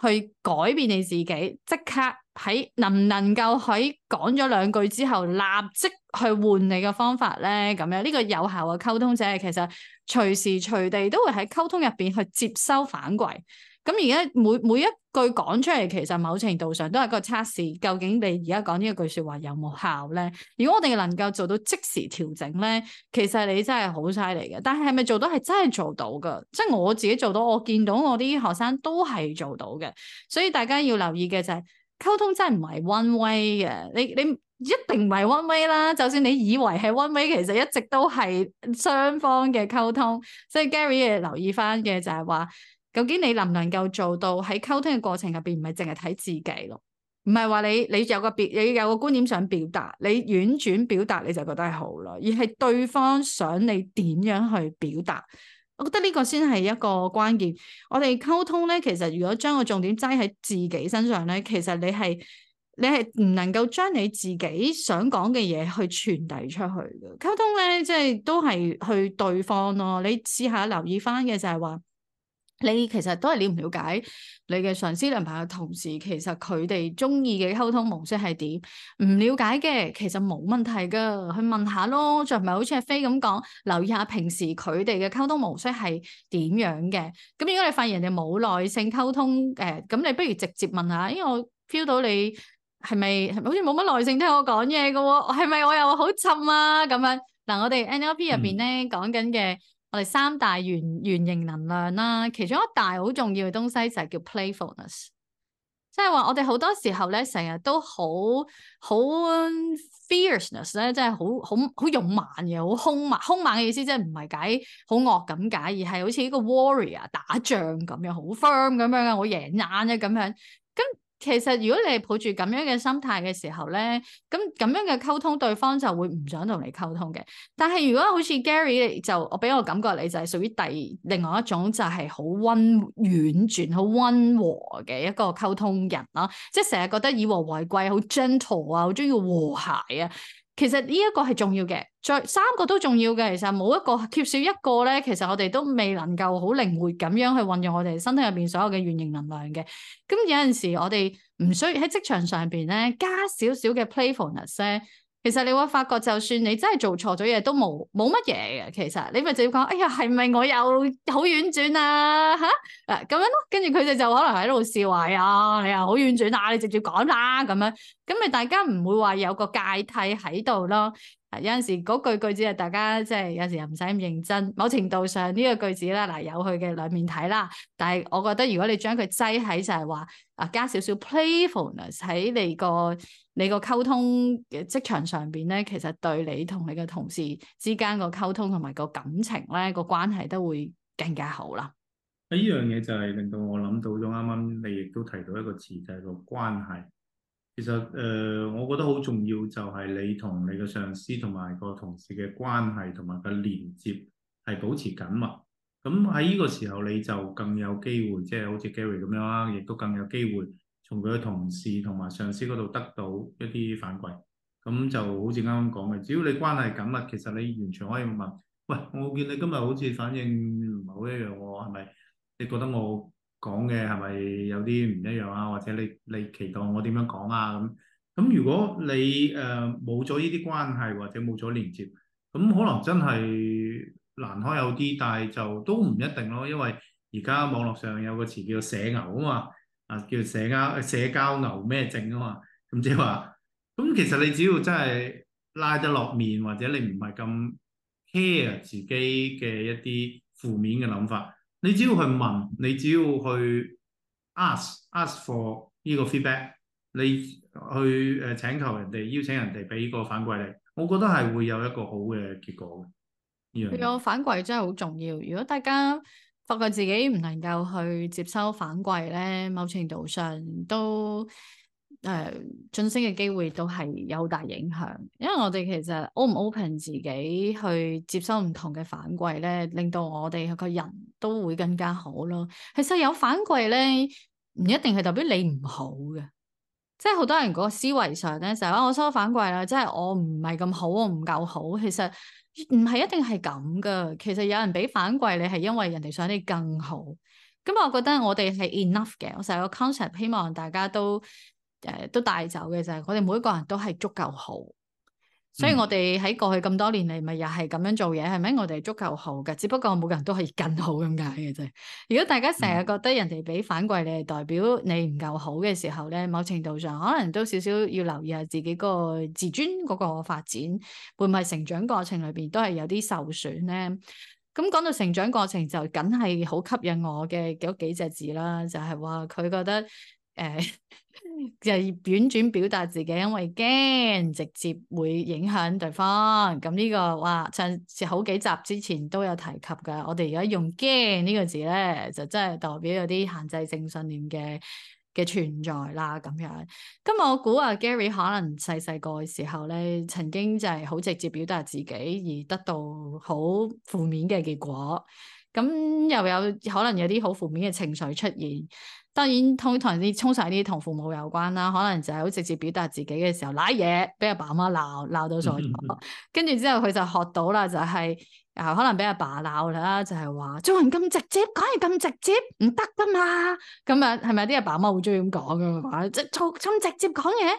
去改變你自己，即刻喺能唔能夠喺講咗兩句之後，立即去換你嘅方法咧。咁樣呢、這個有效嘅溝通者，其實隨時隨地都會喺溝通入邊去接收反饋。咁而家每每一句講出嚟，其實某程度上都係一個測試，究竟你而家講呢一句説話有冇效咧？如果我哋能夠做到即時調整咧，其實你真係好犀利嘅。但係係咪做到係真係做到嘅？即係我自己做到，我見到我啲學生都係做到嘅。所以大家要留意嘅就係、是、溝通真係唔係 one way 嘅。你你一定唔係 one way 啦。就算你以為係 one way，其實一直都係雙方嘅溝通。所以 Gary 留意翻嘅就係話。究竟你能唔能夠做到喺溝通嘅過程入邊，唔係淨係睇自己咯，唔係話你你有個別，你有個觀點想表達，你婉轉表達你就覺得係好咯，而係對方想你點樣去表達，我覺得呢個先係一個關鍵。我哋溝通咧，其實如果將個重點擠喺自己身上咧，其實你係你係唔能夠將你自己想講嘅嘢去傳遞出去嘅。溝通咧，即係都係去對方咯。你試下留意翻嘅就係話。你其實都係了唔了解你嘅上司、良朋友、同事，其實佢哋中意嘅溝通模式係點？唔了解嘅，其實冇問題㗎，去問下咯。就唔係好似阿飛咁講，留意下平時佢哋嘅溝通模式係點樣嘅。咁如果你發現人哋冇耐性溝通，誒、欸，咁你不如直接問下，因為我 feel 到你係咪係咪好似冇乜耐性聽我講嘢嘅喎？係咪我又好沉啊？咁樣嗱，我哋 NLP 入邊咧講緊嘅。嗯我哋三大原型，原型能量啦，其中一大好重要嘅東西就係叫 playfulness，即係話、就是、我哋好多時候咧，成日都好好 fierceness 咧，ness，即係好好好勇猛嘅，好兇猛兇猛嘅意思，即係唔係解好惡咁解，而係好似呢個 warrior 打仗咁樣，好 firm 咁樣，好贏硬啫咁樣。其實如果你係抱住咁樣嘅心態嘅時候咧，咁咁樣嘅溝通對方就會唔想同你溝通嘅。但係如果好似 Gary 就，我俾我感覺你就係屬於第另外一種，就係好溫婉轉、好溫和嘅一個溝通人啦，啊，即係成日覺得以和為貴，好 gentle 啊，好中意和諧啊。其實呢一個係重要嘅，再三個都重要嘅，其實冇一個缺少一個咧，其實我哋都未能夠好靈活咁樣去運用我哋身體入邊所有嘅原型能量嘅。咁有陣時我哋唔需要喺職場上邊咧，加少少嘅 playfulness 其實你會發覺，就算你真係做錯咗嘢，都冇冇乜嘢嘅。其實你咪直接講，哎呀，係咪我有好婉轉啊？吓、啊，誒，咁樣咯，跟住佢哋就可能喺度笑話，呀、啊，你又好婉轉啊，你直接講啦，咁樣，咁咪大家唔會話有個芥蒂喺度咯。有陣時嗰句句子係，大家即係，有時又唔使咁認真，某程度上呢個句子啦，嗱，有佢嘅兩面睇啦。但係我覺得如果你將佢擠喺，就係話啊，加少少 playfulness 喺你個你個溝通嘅職場上邊咧，其實對你同你嘅同事之間個溝通同埋個感情咧，個關係都會更加好啦。呢依樣嘢就係令到我諗到咗，啱啱你亦都提到一個詞就係、是、個關係。其實誒、呃，我覺得好重要就係你同你嘅上司同埋個同事嘅關係同埋個連接係保持緊密。咁喺呢個時候你就更有機會，即係好似 Gary 咁樣啦，亦都更有機會從佢嘅同事同埋上司嗰度得到一啲反饋。咁就好似啱啱講嘅，只要你關係緊密，其實你完全可以問：喂，我見你今日好似反應唔係好一樣喎，係咪？你覺得我……講嘅係咪有啲唔一樣啊？或者你你期待我點樣講啊？咁咁如果你誒冇咗呢啲關係或者冇咗連接，咁可能真係難開有啲，但係就都唔一定咯。因為而家網絡上有個詞叫社牛啊嘛，啊叫社，社交社交牛咩症啊嘛，咁即係話，咁其實你只要真係拉得落面，或者你唔係咁 care 自己嘅一啲負面嘅諗法。你只要去問，你只要去 ask ask for 呢個 feedback，你去誒請求人哋，邀請人哋俾呢個反饋你，我覺得係會有一個好嘅結果。呢樣嘢，反饋真係好重要。如果大家發覺自己唔能夠去接收反饋咧，某程度上都～誒，晉、uh, 升嘅機會都係有大影響，因為我哋其實 open 唔 open 自己去接收唔同嘅反饋咧，令到我哋個人都會更加好咯。其實有反饋咧，唔一定係代表你唔好嘅，即係好多人個思維上咧成日，話我收反饋啦，即係我唔係咁好，我唔夠好。其實唔係一定係咁噶。其實有人俾反饋你係因為人哋想你更好。咁我覺得我哋係 enough 嘅，我成日個 concept，希望大家都。誒，都帶走嘅就係、是，我哋每一個人都係足夠好，所以我哋喺過去咁多年嚟，咪又係咁樣做嘢，係咪、嗯？我哋足夠好嘅，只不過每個人都可以更好咁解嘅啫。如果大家成日覺得人哋俾反饋你，代表你唔夠好嘅時候咧，嗯、某程度上可能都少少要留意下自己個自尊嗰個發展，會唔係成長過程裏邊都係有啲受損咧？咁講到成長過程就梗係好吸引我嘅嗰幾隻字啦，就係話佢覺得誒。欸就婉轉表達自己，因為驚直接會影響對方。咁、這、呢個哇，上次好幾集之前都有提及噶。我哋而家用驚呢個字咧，就真係代表有啲限制性信念嘅嘅存在啦。咁樣，今日我估啊 Gary 可能細細個嘅時候咧，曾經就係好直接表達自己，而得到好負面嘅結果。咁又有可能有啲好負面嘅情緒出現。當然，通常啲衝晒啲同父母有關啦，可能就係好直接表達自己嘅時候，賴嘢，俾阿爸阿媽鬧鬧到在，跟住之後佢就學到啦、就是，就係啊，可能俾阿爸鬧啦，就係、是、話做人咁直接，講嘢咁直接唔得噶嘛，咁啊，係咪啲阿爸阿媽好中意咁講嘅嘛？即做咁直接講嘢，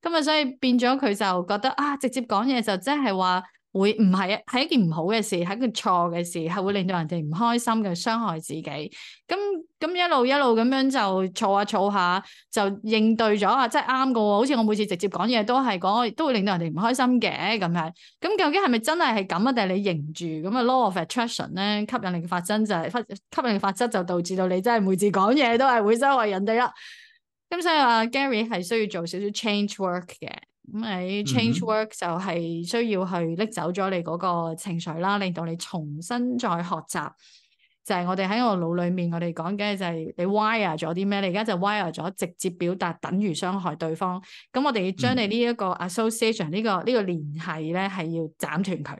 咁啊，所以變咗佢就覺得啊，直接講嘢就即係話。會唔係啊？係一件唔好嘅事，係一件錯嘅事，係會令到人哋唔開心嘅，傷害自己。咁咁一路一路咁樣就錯下錯下，就應對咗啊！即係啱㗎喎。好似我每次直接講嘢都係講，都會令到人哋唔開心嘅咁樣。咁究竟係咪真係係咁啊？定係你認住咁啊？Law of Attraction 咧，吸引力嘅法則就係、係、吸引力法則就導致到你真係每次講嘢都係會傷害人哋啦。咁所以話 Gary 係需要做少少 change work 嘅。咁喺 change work、mm hmm. 就係需要去拎走咗你嗰個情緒啦，令到你重新再學習。就係、是、我哋喺我腦裏面，我哋講嘅就係你 wire 咗啲咩？你而家就 wire 咗，直接表達等於傷害對方。咁我哋要將你呢一個 association 呢個呢個聯繫咧，係要斬斷佢，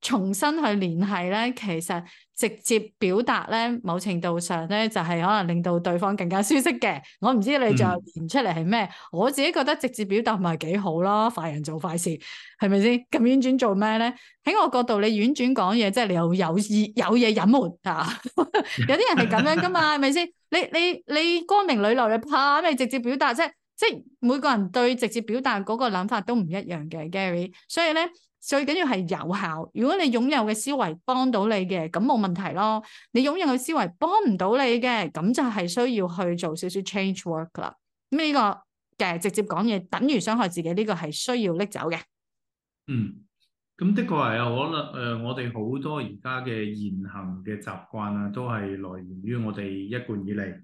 重新去聯繫咧，其實。直接表達咧，某程度上咧就係、是、可能令到對方更加舒適嘅。我唔知你仲言出嚟係咩，嗯、我自己覺得直接表達唔係幾好咯。快人做快事，係咪先咁婉轉做咩咧？喺我角度，你婉轉講嘢，即係你又有意有嘢隱瞞啊。 有啲人係咁樣噶嘛，係咪先？你你你光明磊落，你怕咩直接表達？啫？即係每個人對直接表達嗰個諗法都唔一樣嘅 Gary，所以咧。最緊要係有效。如果你擁有嘅思維幫到你嘅，咁冇問題咯。你擁有嘅思維幫唔到你嘅，咁就係需要去做少少 change work 啦。咁呢個嘅、呃、直接講嘢等於傷害自己，呢個係需要拎走嘅。嗯，咁的確係啊，我覺得誒，我哋好多而家嘅言行嘅習慣啊，都係來源於我哋一貫以嚟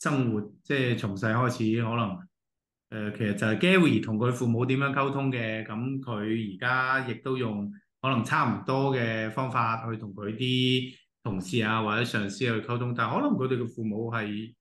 生活，即係從細開始可能。誒，其實就係 Gary 同佢父母點樣溝通嘅，咁佢而家亦都用可能差唔多嘅方法去同佢啲同事啊、或者上司去溝通，但係可能佢哋嘅父母係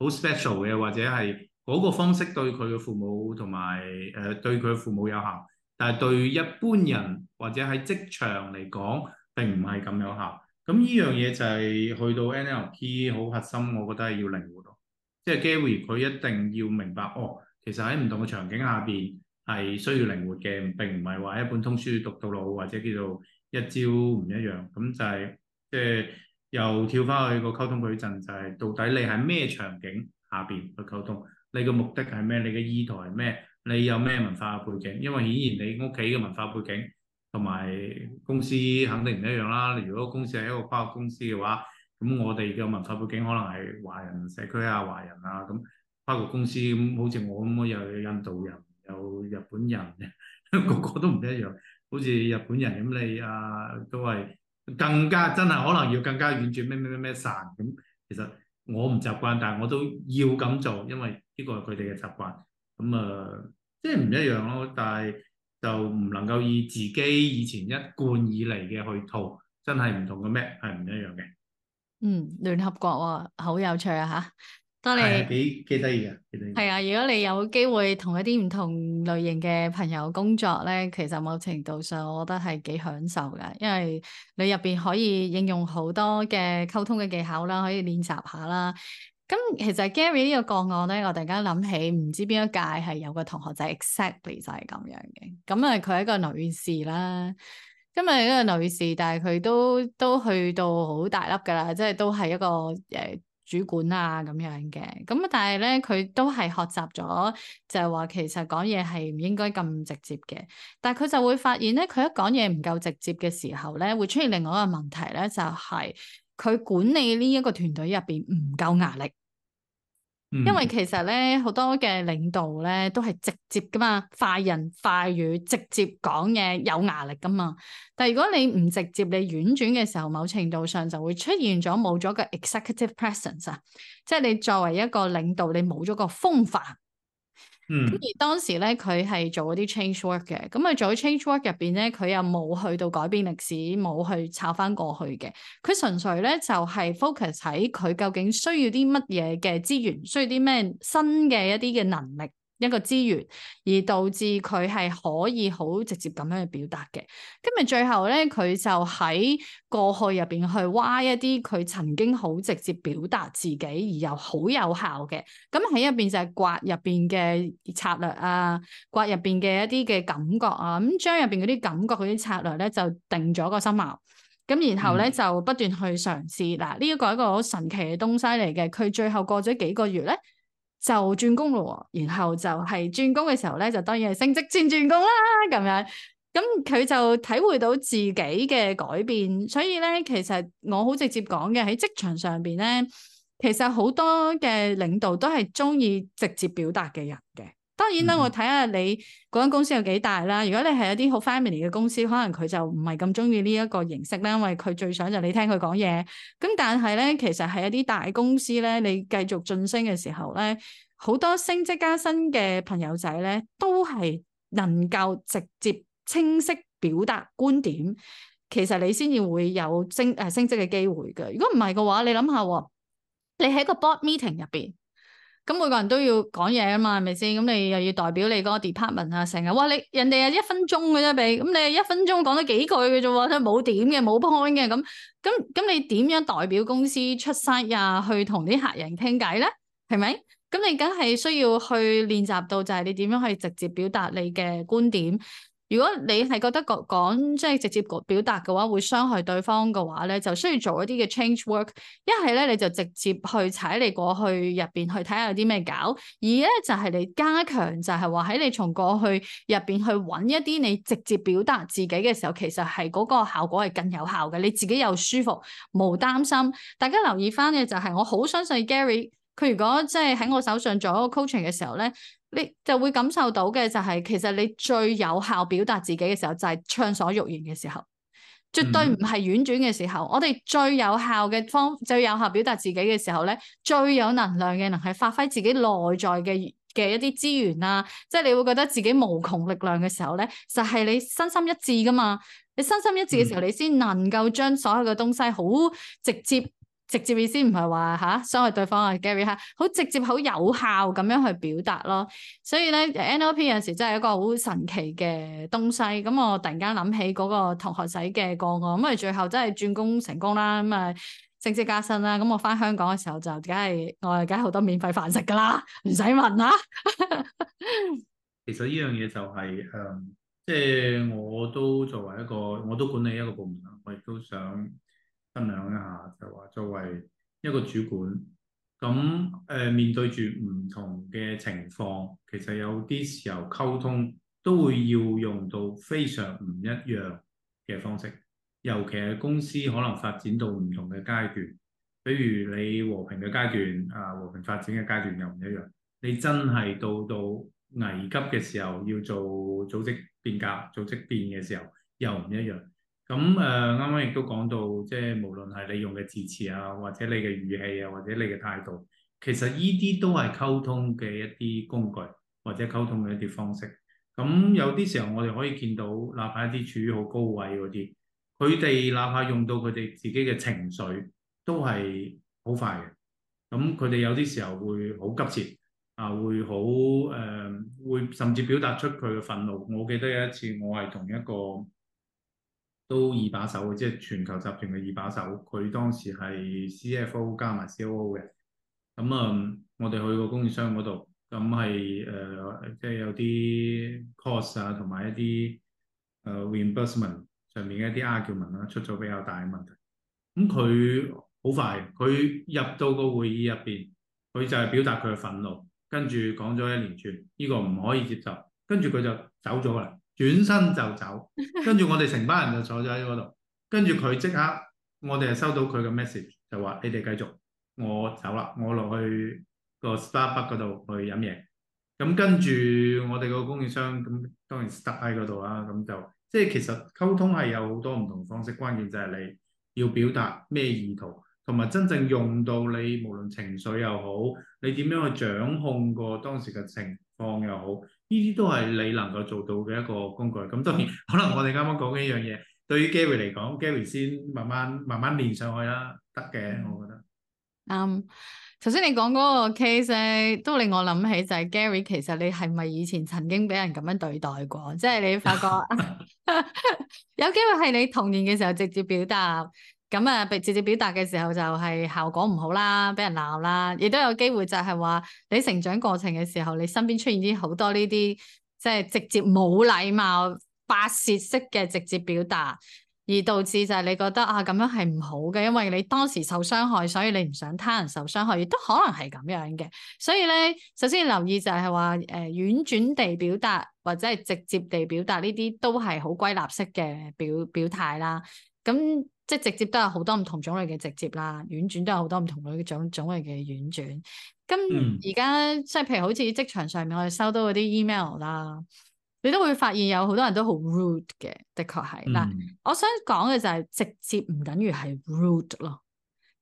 好 special 嘅，或者係嗰個方式對佢嘅父母同埋誒、對佢父母有效，但係對一般人或者喺職場嚟講並唔係咁有效。咁呢樣嘢就係去到 NLP 好核心，我覺得係要靈活咯，即係 Gary 佢一定要明白哦。其實喺唔同嘅場景下邊係需要靈活嘅，並唔係話一本通書讀到老，或者叫做一朝唔一樣。咁就係即係又跳翻去個溝通舉陣，就係到底你喺咩場景下邊去溝通？你嘅目的係咩？你嘅意圖係咩？你有咩文化背景？因為顯然你屋企嘅文化背景同埋公司肯定唔一樣啦。你如果公司係一個跨國公司嘅話，咁我哋嘅文化背景可能係華人社區啊、華人啊咁。包括公司咁，好似我咁樣又有印度人，有日本人， 個個都唔一樣。好似日本人咁，你啊，都係更加真係可能要更加遠轉咩咩咩咩散咁。其實我唔習慣，但係我都要咁做，因為呢個係佢哋嘅習慣。咁啊，即係唔一樣咯。但係就唔能夠以自己以前一貫以嚟嘅去套，真係唔同個咩係唔一樣嘅。嗯，聯合國喎、哦，好有趣啊吓！多你幾幾得意啊，係啊！如果你有機會同一啲唔同類型嘅朋友工作咧，其實某程度上我覺得係幾享受噶，因為你入邊可以應用好多嘅溝通嘅技巧啦，可以練習下啦。咁其實 Gary 呢個個案咧，我突然間諗起唔知邊一屆係有個同學仔，exactly 就係咁樣嘅。咁啊，佢係一個女士啦，咁啊一個女士，但係佢都都去到好大粒噶啦，即係都係一個誒。主管啊，咁樣嘅，咁但係咧，佢都係學習咗，就係話其實講嘢係唔應該咁直接嘅。但係佢就會發現咧，佢一講嘢唔夠直接嘅時候咧，會出現另外一個問題咧，就係佢管理呢一個團隊入邊唔夠壓力。因為其實咧，好多嘅領導咧都係直接噶嘛，快人快語，直接講嘢有壓力噶嘛。但係如果你唔直接，你婉轉嘅時候，某程度上就會出現咗冇咗個 executive presence 啊，即係你作為一個領導，你冇咗個風範。咁、嗯、而當時咧，佢係做嗰啲 change work 嘅，咁佢做咗 change work 入邊咧，佢又冇去到改變歷史，冇去抄返過去嘅，佢純粹咧就係、是、focus 喺佢究竟需要啲乜嘢嘅資源，需要啲咩新嘅一啲嘅能力。一個資源，而導致佢係可以好直接咁樣去表達嘅，跟住最後咧，佢就喺過去入邊去挖一啲佢曾經好直接表達自己，而又好有效嘅，咁喺入邊就係刮入邊嘅策略啊，刮入邊嘅一啲嘅感覺啊，咁將入邊嗰啲感覺嗰啲策略咧就定咗個心錨，咁然後咧就不斷去嘗試，嗱呢、嗯、一個係一個好神奇嘅東西嚟嘅，佢最後過咗幾個月咧。就轉工咯，然後就係轉工嘅時候咧，就當然係升職先轉工啦，咁樣，咁佢就體會到自己嘅改變，所以咧，其實我好直接講嘅，喺職場上面咧，其實好多嘅領導都係鍾意直接表達嘅人嘅。當然啦，我睇下你嗰間公司有幾大啦。如果你係一啲好 family 嘅公司，可能佢就唔係咁中意呢一個形式啦，因為佢最想就你聽佢講嘢。咁但係咧，其實係一啲大公司咧，你繼續晉升嘅時候咧，好多升職加薪嘅朋友仔咧，都係能夠直接清晰表達觀點。其實你先至會有升誒升職嘅機會嘅。如果唔係嘅話，你諗下，你喺個 board meeting 入邊。咁每個人都要講嘢啊嘛，係咪先？咁你又要代表你嗰個 department，啊，成日哇你人哋啊一分鐘嘅啫，畀咁你一分鐘講咗幾句嘅啫喎，都冇點嘅，冇 point 嘅咁，咁咁你點樣代表公司出聲呀？去同啲客人傾偈咧，係咪？咁你梗係需要去練習到就係你點樣去直接表達你嘅觀點。如果你係覺得講即係直接表表達嘅話會傷害對方嘅話咧，就需要做一啲嘅 change work。一係咧你就直接去踩你過去入邊去睇下有啲咩搞；二咧就係你加強就係話喺你從過去入邊去揾一啲你直接表達自己嘅時候，其實係嗰個效果係更有效嘅，你自己又舒服，冇擔心。大家留意翻嘅就係我好相信 Gary。佢如果即係喺我手上做一個 coaching 嘅時候咧，你就會感受到嘅，就係其實你最有效表達自己嘅時候就係暢所欲言嘅時候，絕對唔係婉轉嘅時候。嗯、我哋最有效嘅方最有效表達自己嘅時候咧，最有能量嘅，能係發揮自己內在嘅嘅一啲資源啊，即係你會覺得自己無窮力量嘅時候咧，就係你身心一致噶嘛。你身心一致嘅時候，你先能夠將所有嘅東西好直接。嗯直接意思唔係話嚇，傷害對方啊，Gary 嚇，好直接、好有效咁樣去表達咯。所以咧，NLP 有時真係一個好神奇嘅東西。咁我突然間諗起嗰個同學仔嘅個案，咁咪最後真係轉工成功啦。咁啊，升職加薪啦。咁我返香港嘅時候就梗係我梗係好多免費飯食㗎啦，唔使問啦、啊。 其實呢樣嘢就係、是、誒、嗯，即係我都作為一個，我都管理一個部門啦，我亦都想。分享一下，就話作為一個主管，咁誒、呃、面對住唔同嘅情況，其實有啲時候溝通都會要用到非常唔一樣嘅方式。尤其係公司可能發展到唔同嘅階段，比如你和平嘅階段啊，和平發展嘅階段又唔一樣。你真係到到危急嘅時候要做組織變革、組織變嘅時候又唔一樣。咁誒，啱啱亦都講到，即係無論係你用嘅字詞啊，或者你嘅語氣啊，或者你嘅態度，其實依啲都係溝通嘅一啲工具，或者溝通嘅一啲方式。咁有啲時候，我哋可以見到，哪怕一啲處於好高位嗰啲，佢哋哪怕用到佢哋自己嘅情緒都，都係好快嘅。咁佢哋有啲時候會好急切啊，會好誒、呃，會甚至表達出佢嘅憤怒。我記得有一次，我係同一個都二把手，即係全球集團嘅二把手。佢當時係 CFO 加埋 COO 嘅。咁、嗯嗯呃、啊，我哋去個供應商嗰度，咁係誒，即係有啲 cost 啊，同埋一啲誒 reimbursement 上面一啲 argument 啦，出咗比較大嘅問題。咁佢好快，佢入到個會議入邊，佢就係表達佢嘅憤怒，跟住講咗一連串，呢、呢個唔可以接受，跟住佢就走咗啦。轉身就走，跟住我哋成班人就坐咗喺嗰度，跟住佢即刻，我哋就收到佢嘅 message，就話：你哋繼續，我走啦，我落去個 Starbucks 嗰度去飲嘢。咁跟住我哋個供應商，咁當然 Star 喺嗰度啦。咁就即係其實溝通係有好多唔同方式，關鍵就係你要表達咩意圖，同埋真正用到你無論情緒又好，你點樣去掌控個當時嘅情況又好。呢啲都係你能夠做到嘅一個工具。咁當然，可能我哋啱啱講嘅一樣嘢，對於 Gary 嚟講，Gary 先慢慢慢慢練上去啦，得嘅，我覺得。啱，um，頭先你講嗰個 case 都令我諗起就係 Gary，其實你係咪以前曾經俾人咁樣對待過？即係你發覺 有機會係你童年嘅時候直接表達。咁啊，被直接表達嘅時候就係效果唔好啦，俾人鬧啦，亦都有機會就係話你成長過程嘅時候，你身邊出現啲好多呢啲即係直接冇禮貌、發洩式嘅直接表達，而導致就係你覺得啊，咁樣係唔好嘅，因為你當時受傷害，所以你唔想他人受傷害，亦都可能係咁樣嘅。所以咧，首先要留意就係話誒婉轉地表達或者係直接地表達呢啲都係好歸納式嘅表表態啦。咁即係直接都有好多唔同種類嘅直接啦，婉轉都有好多唔同類嘅種種類嘅婉轉。咁而家即係譬如好似職場上面，我哋收到嗰啲 email 啦，你都會發現有好多人都好 rude 嘅，的確係。嗱、嗯，我想講嘅就係直接唔等於係 rude 咯。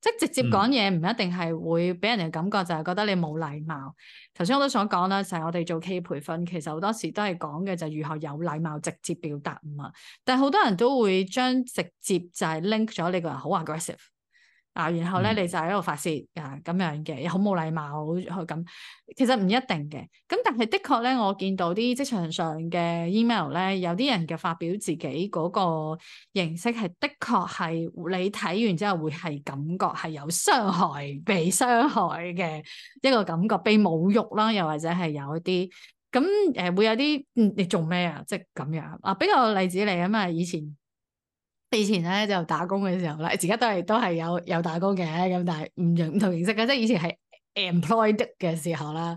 即係直接講嘢唔一定係會俾人哋感覺就係覺得你冇禮貌。頭先我都想講啦，就係、是、我哋做 K 培訓，其實好多時都係講嘅就係如何有禮貌直接表達啊嘛、嗯。但係好多人都會將直接就係 link 咗你個人好 aggressive。啊，然後咧、嗯、你就喺度發泄，啊咁樣嘅，好冇禮貌，好去咁。其實唔一定嘅，咁但係的確咧，我見到啲職場上嘅 email 咧，有啲人嘅發表自己嗰個形式係的確係你睇完之後會係感覺係有傷害、被傷害嘅一個感覺，被侮辱啦，又或者係有一啲咁誒會有啲、嗯、你做咩啊？即係咁樣啊，俾個例子嚟啊嘛，以前。以前咧就打工嘅時候啦，而家都係都係有有打工嘅，咁但係唔同唔同形式嘅，即係以前係 employed 嘅時候啦，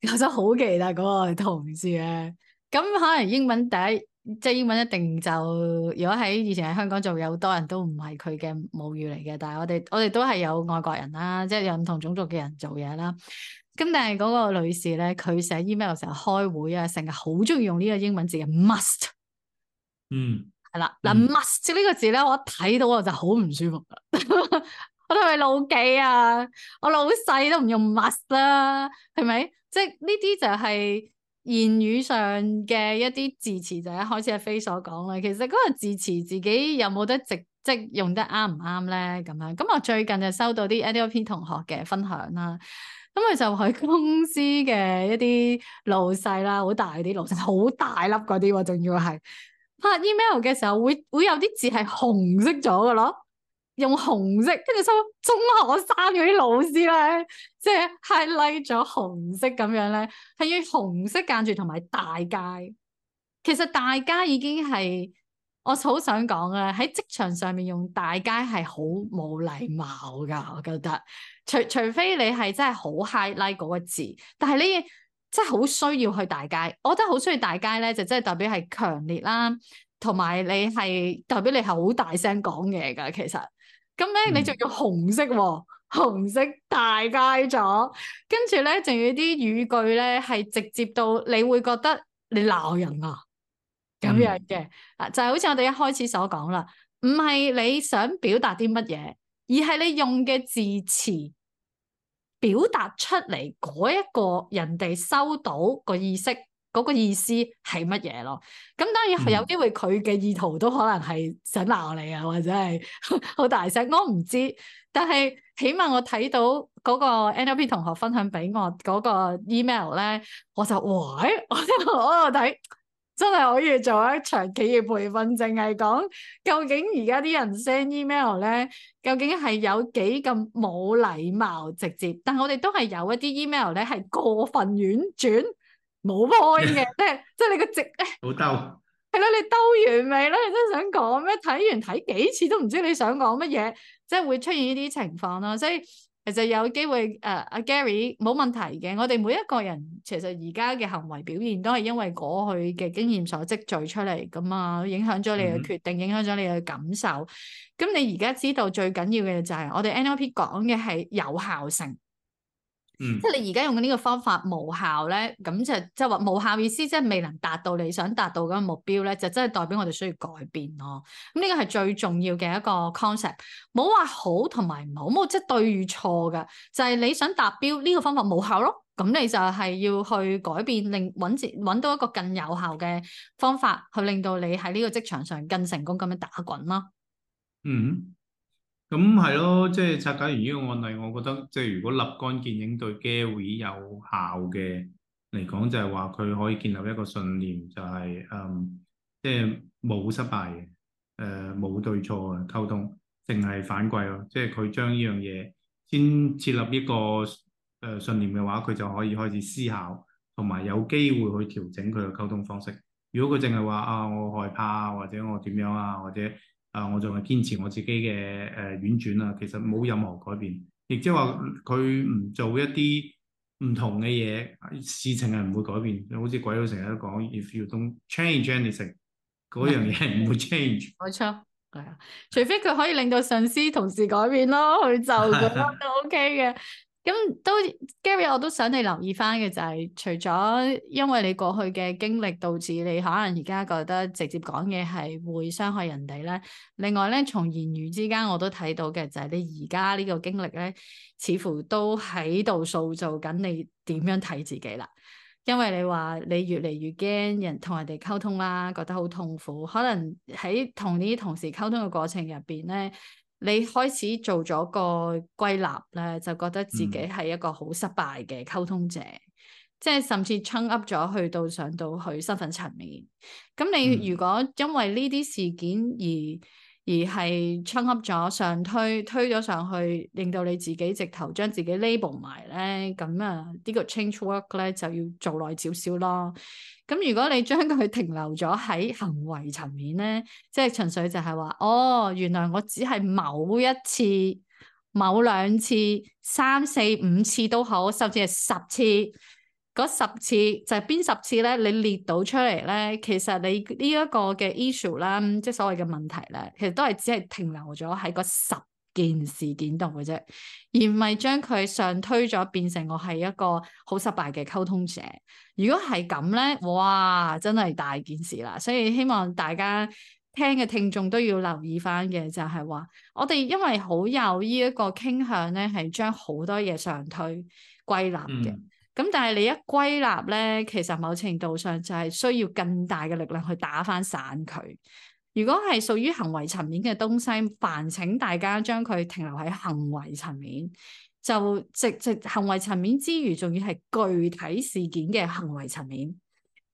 有咗好勁啊嗰個同事咧。咁可能英文第一，即係英文一定就如果喺以前喺香港做，有好多人都唔係佢嘅母語嚟嘅，但係我哋我哋都係有外國人啦，即係有唔同種族嘅人做嘢啦。咁但係嗰個女士咧，佢寫 email 成日開會啊，成日好鍾意用呢個英文字嘅 must。嗯。係啦，嗱、嗯啊、must 呢個詞咧，我一睇到我就好唔舒服啦。 我哋係老記啊，我老細都唔用 must 啦，係咪？即係呢啲就係、是、言語上嘅一啲字詞，就一開始阿飛所講啦。其實嗰個字詞自己有冇得直即用得啱唔啱咧？咁樣咁我最近就收到啲 NLP 同學嘅分享啦，咁佢就喺公司嘅一啲老細啦，好大啲老細，好大粒嗰啲，我仲要係。拍 email 嘅時候會會有啲字係紅色咗嘅咯，用紅色，跟住收中學生嗰啲老師咧，即係 highlight 咗紅色咁樣咧，係要紅色間住同埋大階。其實大家已經係，我好想講啊，喺職場上面用大階係好冇禮貌㗎，我覺得。除除非你係真係好 highlight 嗰個字，但係你。即係好需要去大街，我覺得好需要大街咧，就真係代表係強烈啦，同埋你係代表你係好大聲講嘢㗎，其實，咁咧、嗯、你仲要紅色喎、哦，紅色大街咗，跟住咧仲要啲語句咧係直接到你會覺得你鬧人啊咁樣嘅，啊、嗯、就係好似我哋一開始所講啦，唔係你想表達啲乜嘢，而係你用嘅字詞。表達出嚟嗰一個人哋收到個意識嗰、嗰個意思係乜嘢咯？咁當然有機會佢嘅意圖都可能係想鬧你啊，嗯、或者係好 大聲，我唔知。但係起碼我睇到嗰個 NLP 同學分享俾我嗰個 email 咧，我就哇！哎， 我我我睇。真係可以做一場企業培訓，淨係講究竟而家啲人 send email 咧，究竟係有幾咁冇禮貌直接？但係我哋都係有一啲 email 咧係過分婉轉冇 point 嘅， 即係即係你個直老兜係咯，你兜完未咧？你真係想講咩？睇完睇幾次都唔知你想講乜嘢，即係會出現呢啲情況咯，所以。其實有機會誒、阿、uh, Gary 冇問題嘅。我哋每一個人其實而家嘅行為表現都係因為過去嘅經驗所積聚出嚟㗎嘛，影響咗你嘅決定，影響咗你嘅感受。咁、嗯、你而家知道最緊要嘅就係我哋 NLP 講嘅係有效性。嗯、即係你而家用緊呢個方法無效咧，咁就即係話無效意思即係未能達到你想達到嘅目標咧，就真係代表我哋需要改變咯。咁呢個係最重要嘅一個 concept。冇話好同埋唔好，冇即係對與錯嘅，就係你想達標呢個方法無效咯。咁你就係要去改變，令揾自揾到一個更有效嘅方法去令到你喺呢個職場上更成功咁樣打滾咯。嗯。咁係咯，即係拆解完呢個案例，我覺得即係如果立竿見影對 Gary 有效嘅嚟講，就係話佢可以建立一個信念，就係、是、誒、嗯，即係冇失敗嘅，誒、呃、冇對錯嘅溝通，淨係反饋咯。即係佢將呢樣嘢先設立一個誒、呃、信念嘅話，佢就可以開始思考同埋有機會去調整佢嘅溝通方式。如果佢淨係話啊，我害怕啊，或者我點樣啊，或者。啊！我仲係堅持我自己嘅誒婉轉啦，其實冇任何改變，亦即係話佢唔做一啲唔同嘅嘢，事情係唔會改變。好似鬼佬成日都講，if you don't change anything，嗰樣嘢係唔會 change。冇錯，係啊，除非佢可以令到上司同事改變咯，佢就咁樣都 OK 嘅。咁都 Gary，我都想你留意翻嘅就係，除咗因為你過去嘅經歷導致你可能而家覺得直接講嘢係會傷害人哋咧，另外咧從言語之間我都睇到嘅就係你而家呢個經歷咧，似乎都喺度塑造緊你點樣睇自己啦。因為你話你越嚟越驚人同人哋溝通啦，覺得好痛苦，可能喺同啲同事溝通嘅過程入邊咧。你開始做咗個歸納咧，就覺得自己係一個好失敗嘅溝通者，嗯、即係甚至 chunk up 咗去到上到去身份層面。咁你如果因為呢啲事件而，而係衝噏咗上推，推咗上去，令到你自己直頭將自己 label 埋咧，咁啊呢個 change work 咧就要做耐少少咯。咁如果你將佢停留咗喺行為層面咧，即係純粹就係話，哦，原來我只係某一次、某兩次、三四五次都好，甚至係十次。嗰十次就係、是、邊十次咧？你列到出嚟咧，其實你呢一個嘅 issue 啦，即係所謂嘅問題咧，其實都係只係停留咗喺個十件事件度嘅啫，而唔係將佢上推咗，變成我係一個好失敗嘅溝通者。如果係咁咧，哇，真係大件事啦！所以希望大家聽嘅聽眾都要留意翻，嘅，就係話我哋因為好有呢一個傾向咧，係將好多嘢，上推歸納嘅。嗯咁但係你一歸納呢，其實某程度上就係需要更大嘅力量去打返散佢。如果係屬於行為層面嘅東西，煩請大家將佢停留喺行為層面，就直直行為層面之餘，仲要係具體事件嘅行為層面。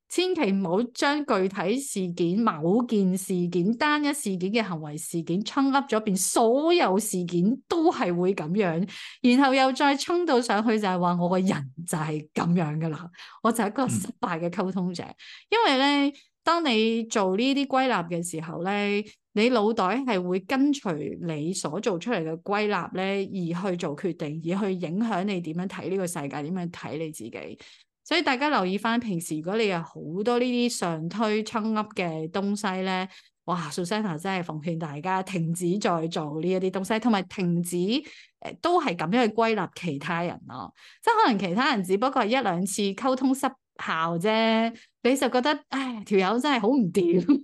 千祈唔好將具體事件、某件事件、單一事件嘅行為事件，衝突咗變，所有事件都係會咁樣，然後又再衝到上去，就係話我個人就係咁樣噶啦，我就係一個失敗嘅溝通者。嗯、因為咧，當你做呢啲歸納嘅時候咧，你腦袋係會跟隨你所做出嚟嘅歸納咧，而去做決定，而去影響你點樣睇呢個世界，點樣睇你自己。所以大家留意翻，平時如果你有好多呢啲上推、踭噏嘅東西咧，哇！Susanna 真係奉勸大家停止再做呢一啲東西，同埋停止誒都係咁樣去歸納其他人咯。即係可能其他人只不過係一兩次溝通失效啫，你就覺得唉條友、這個、真係好唔掂。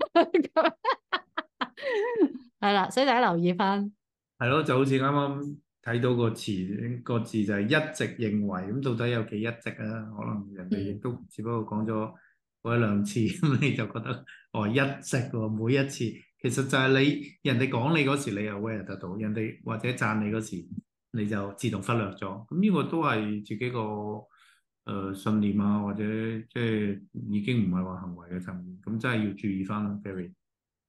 係啦，所以大家留意翻。係咯，就好似啱啱。睇到個詞個字就係一直認為，咁到底有幾一直啊？可能人哋亦都，嗯、只不過講咗嗰一兩次，咁 你就覺得哦，一直喎、啊，每一次其實就係你人哋講你嗰時，你又 aware 得到；人哋或者讚你嗰時，你就自動忽略咗。咁呢個都係自己個誒、呃、信念啊，或者即係已經唔係話行為嘅層面。咁真係要注意返呢方面。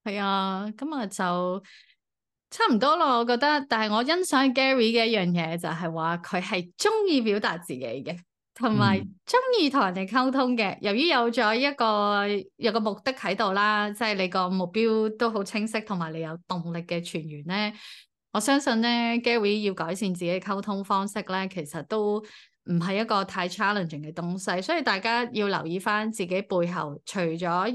係啊，今日、啊、就～差唔多咯，我覺得。但係我欣賞 Gary 嘅一樣嘢就係話佢係中意表達自己嘅，同埋中意同人哋溝通嘅。由於有咗一個有個目的喺度啦，即係你個目標都好清晰，同埋你有動力嘅傳員咧，我相信咧 Gary 要改善自己溝通方式咧，其實都唔係一個太 challenging 嘅東西。所以大家要留意翻自己背後，除咗要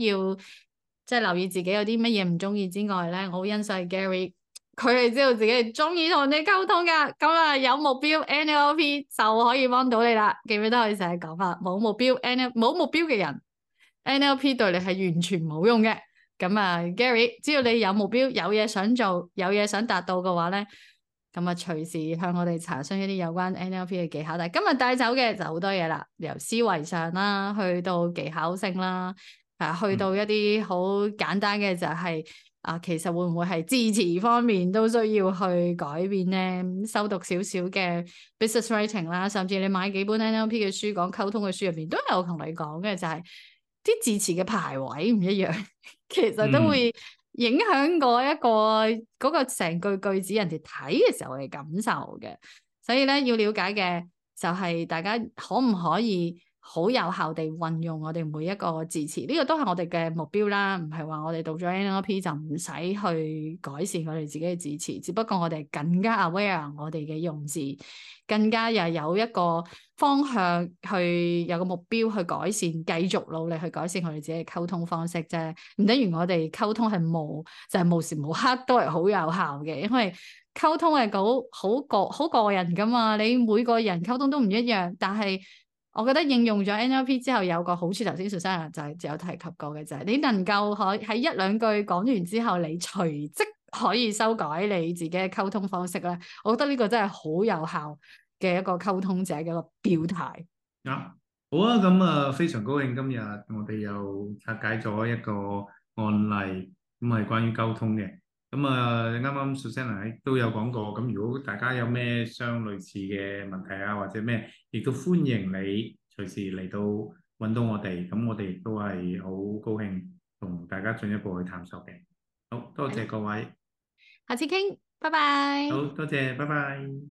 即係留意自己有啲乜嘢唔中意之外咧，我好欣賞 Gary。佢係知道自己中意同你溝通噶，咁啊有目標 NLP 就可以幫到你啦。記唔記得我哋成日講話冇目標 N 冇目標嘅人 NLP 對你係完全冇用嘅？咁啊 Gary，只要你有目標，有嘢想做，有嘢想達到嘅話咧，咁啊隨時向我哋查詢一啲有關 NLP 嘅技巧。但係今日帶走嘅就好多嘢啦，由思維上啦，去到技巧性啦，誒去到一啲好簡單嘅就係、是。啊，其實會唔會係字詞方面都需要去改變咧？收讀少少嘅 business writing 啦，甚至你買幾本 NLP 嘅書，講溝通嘅書入邊，都有同你講嘅，就係啲字詞嘅排位唔一樣，其實都會影響嗰一個嗰個成句句子人哋睇嘅時候嘅感受嘅。所以咧，要了解嘅就係大家可唔可以好有效地運用我哋每一個字詞，呢個都係我哋嘅目標啦。唔係話我哋讀咗 NLP 就唔使去改善我哋自己嘅字詞，只不過我哋更加 aware 我哋嘅用字，更加又有一個方向去有個目標去改善，繼續努力去改善我哋自己嘅溝通方式啫。唔等於我哋溝通係冇，就係無時無刻都係好有效嘅，因為溝通係好好個好個人㗎嘛。你每個人溝通都唔一樣，但係。我覺得應用咗 NLP 之後有個好處，頭先 Susanna 就係有提及過嘅，就係、是、你能夠可喺一兩句講完之後，你隨即可以修改你自己嘅溝通方式咧。我覺得呢個真係好有效嘅一個溝通者嘅一個表態。啊，好啊，咁啊，非常高興今日我哋又拆解咗一個案例，咁係關於溝通嘅。咁啊，啱啱 Susanna 都有講過，咁如果大家有咩相類似嘅問題啊，或者咩，亦都歡迎你隨時嚟到揾到我哋，咁我哋亦都係好高興同大家進一步去探索嘅。好多謝各位，下次傾，拜拜。好多謝，拜拜。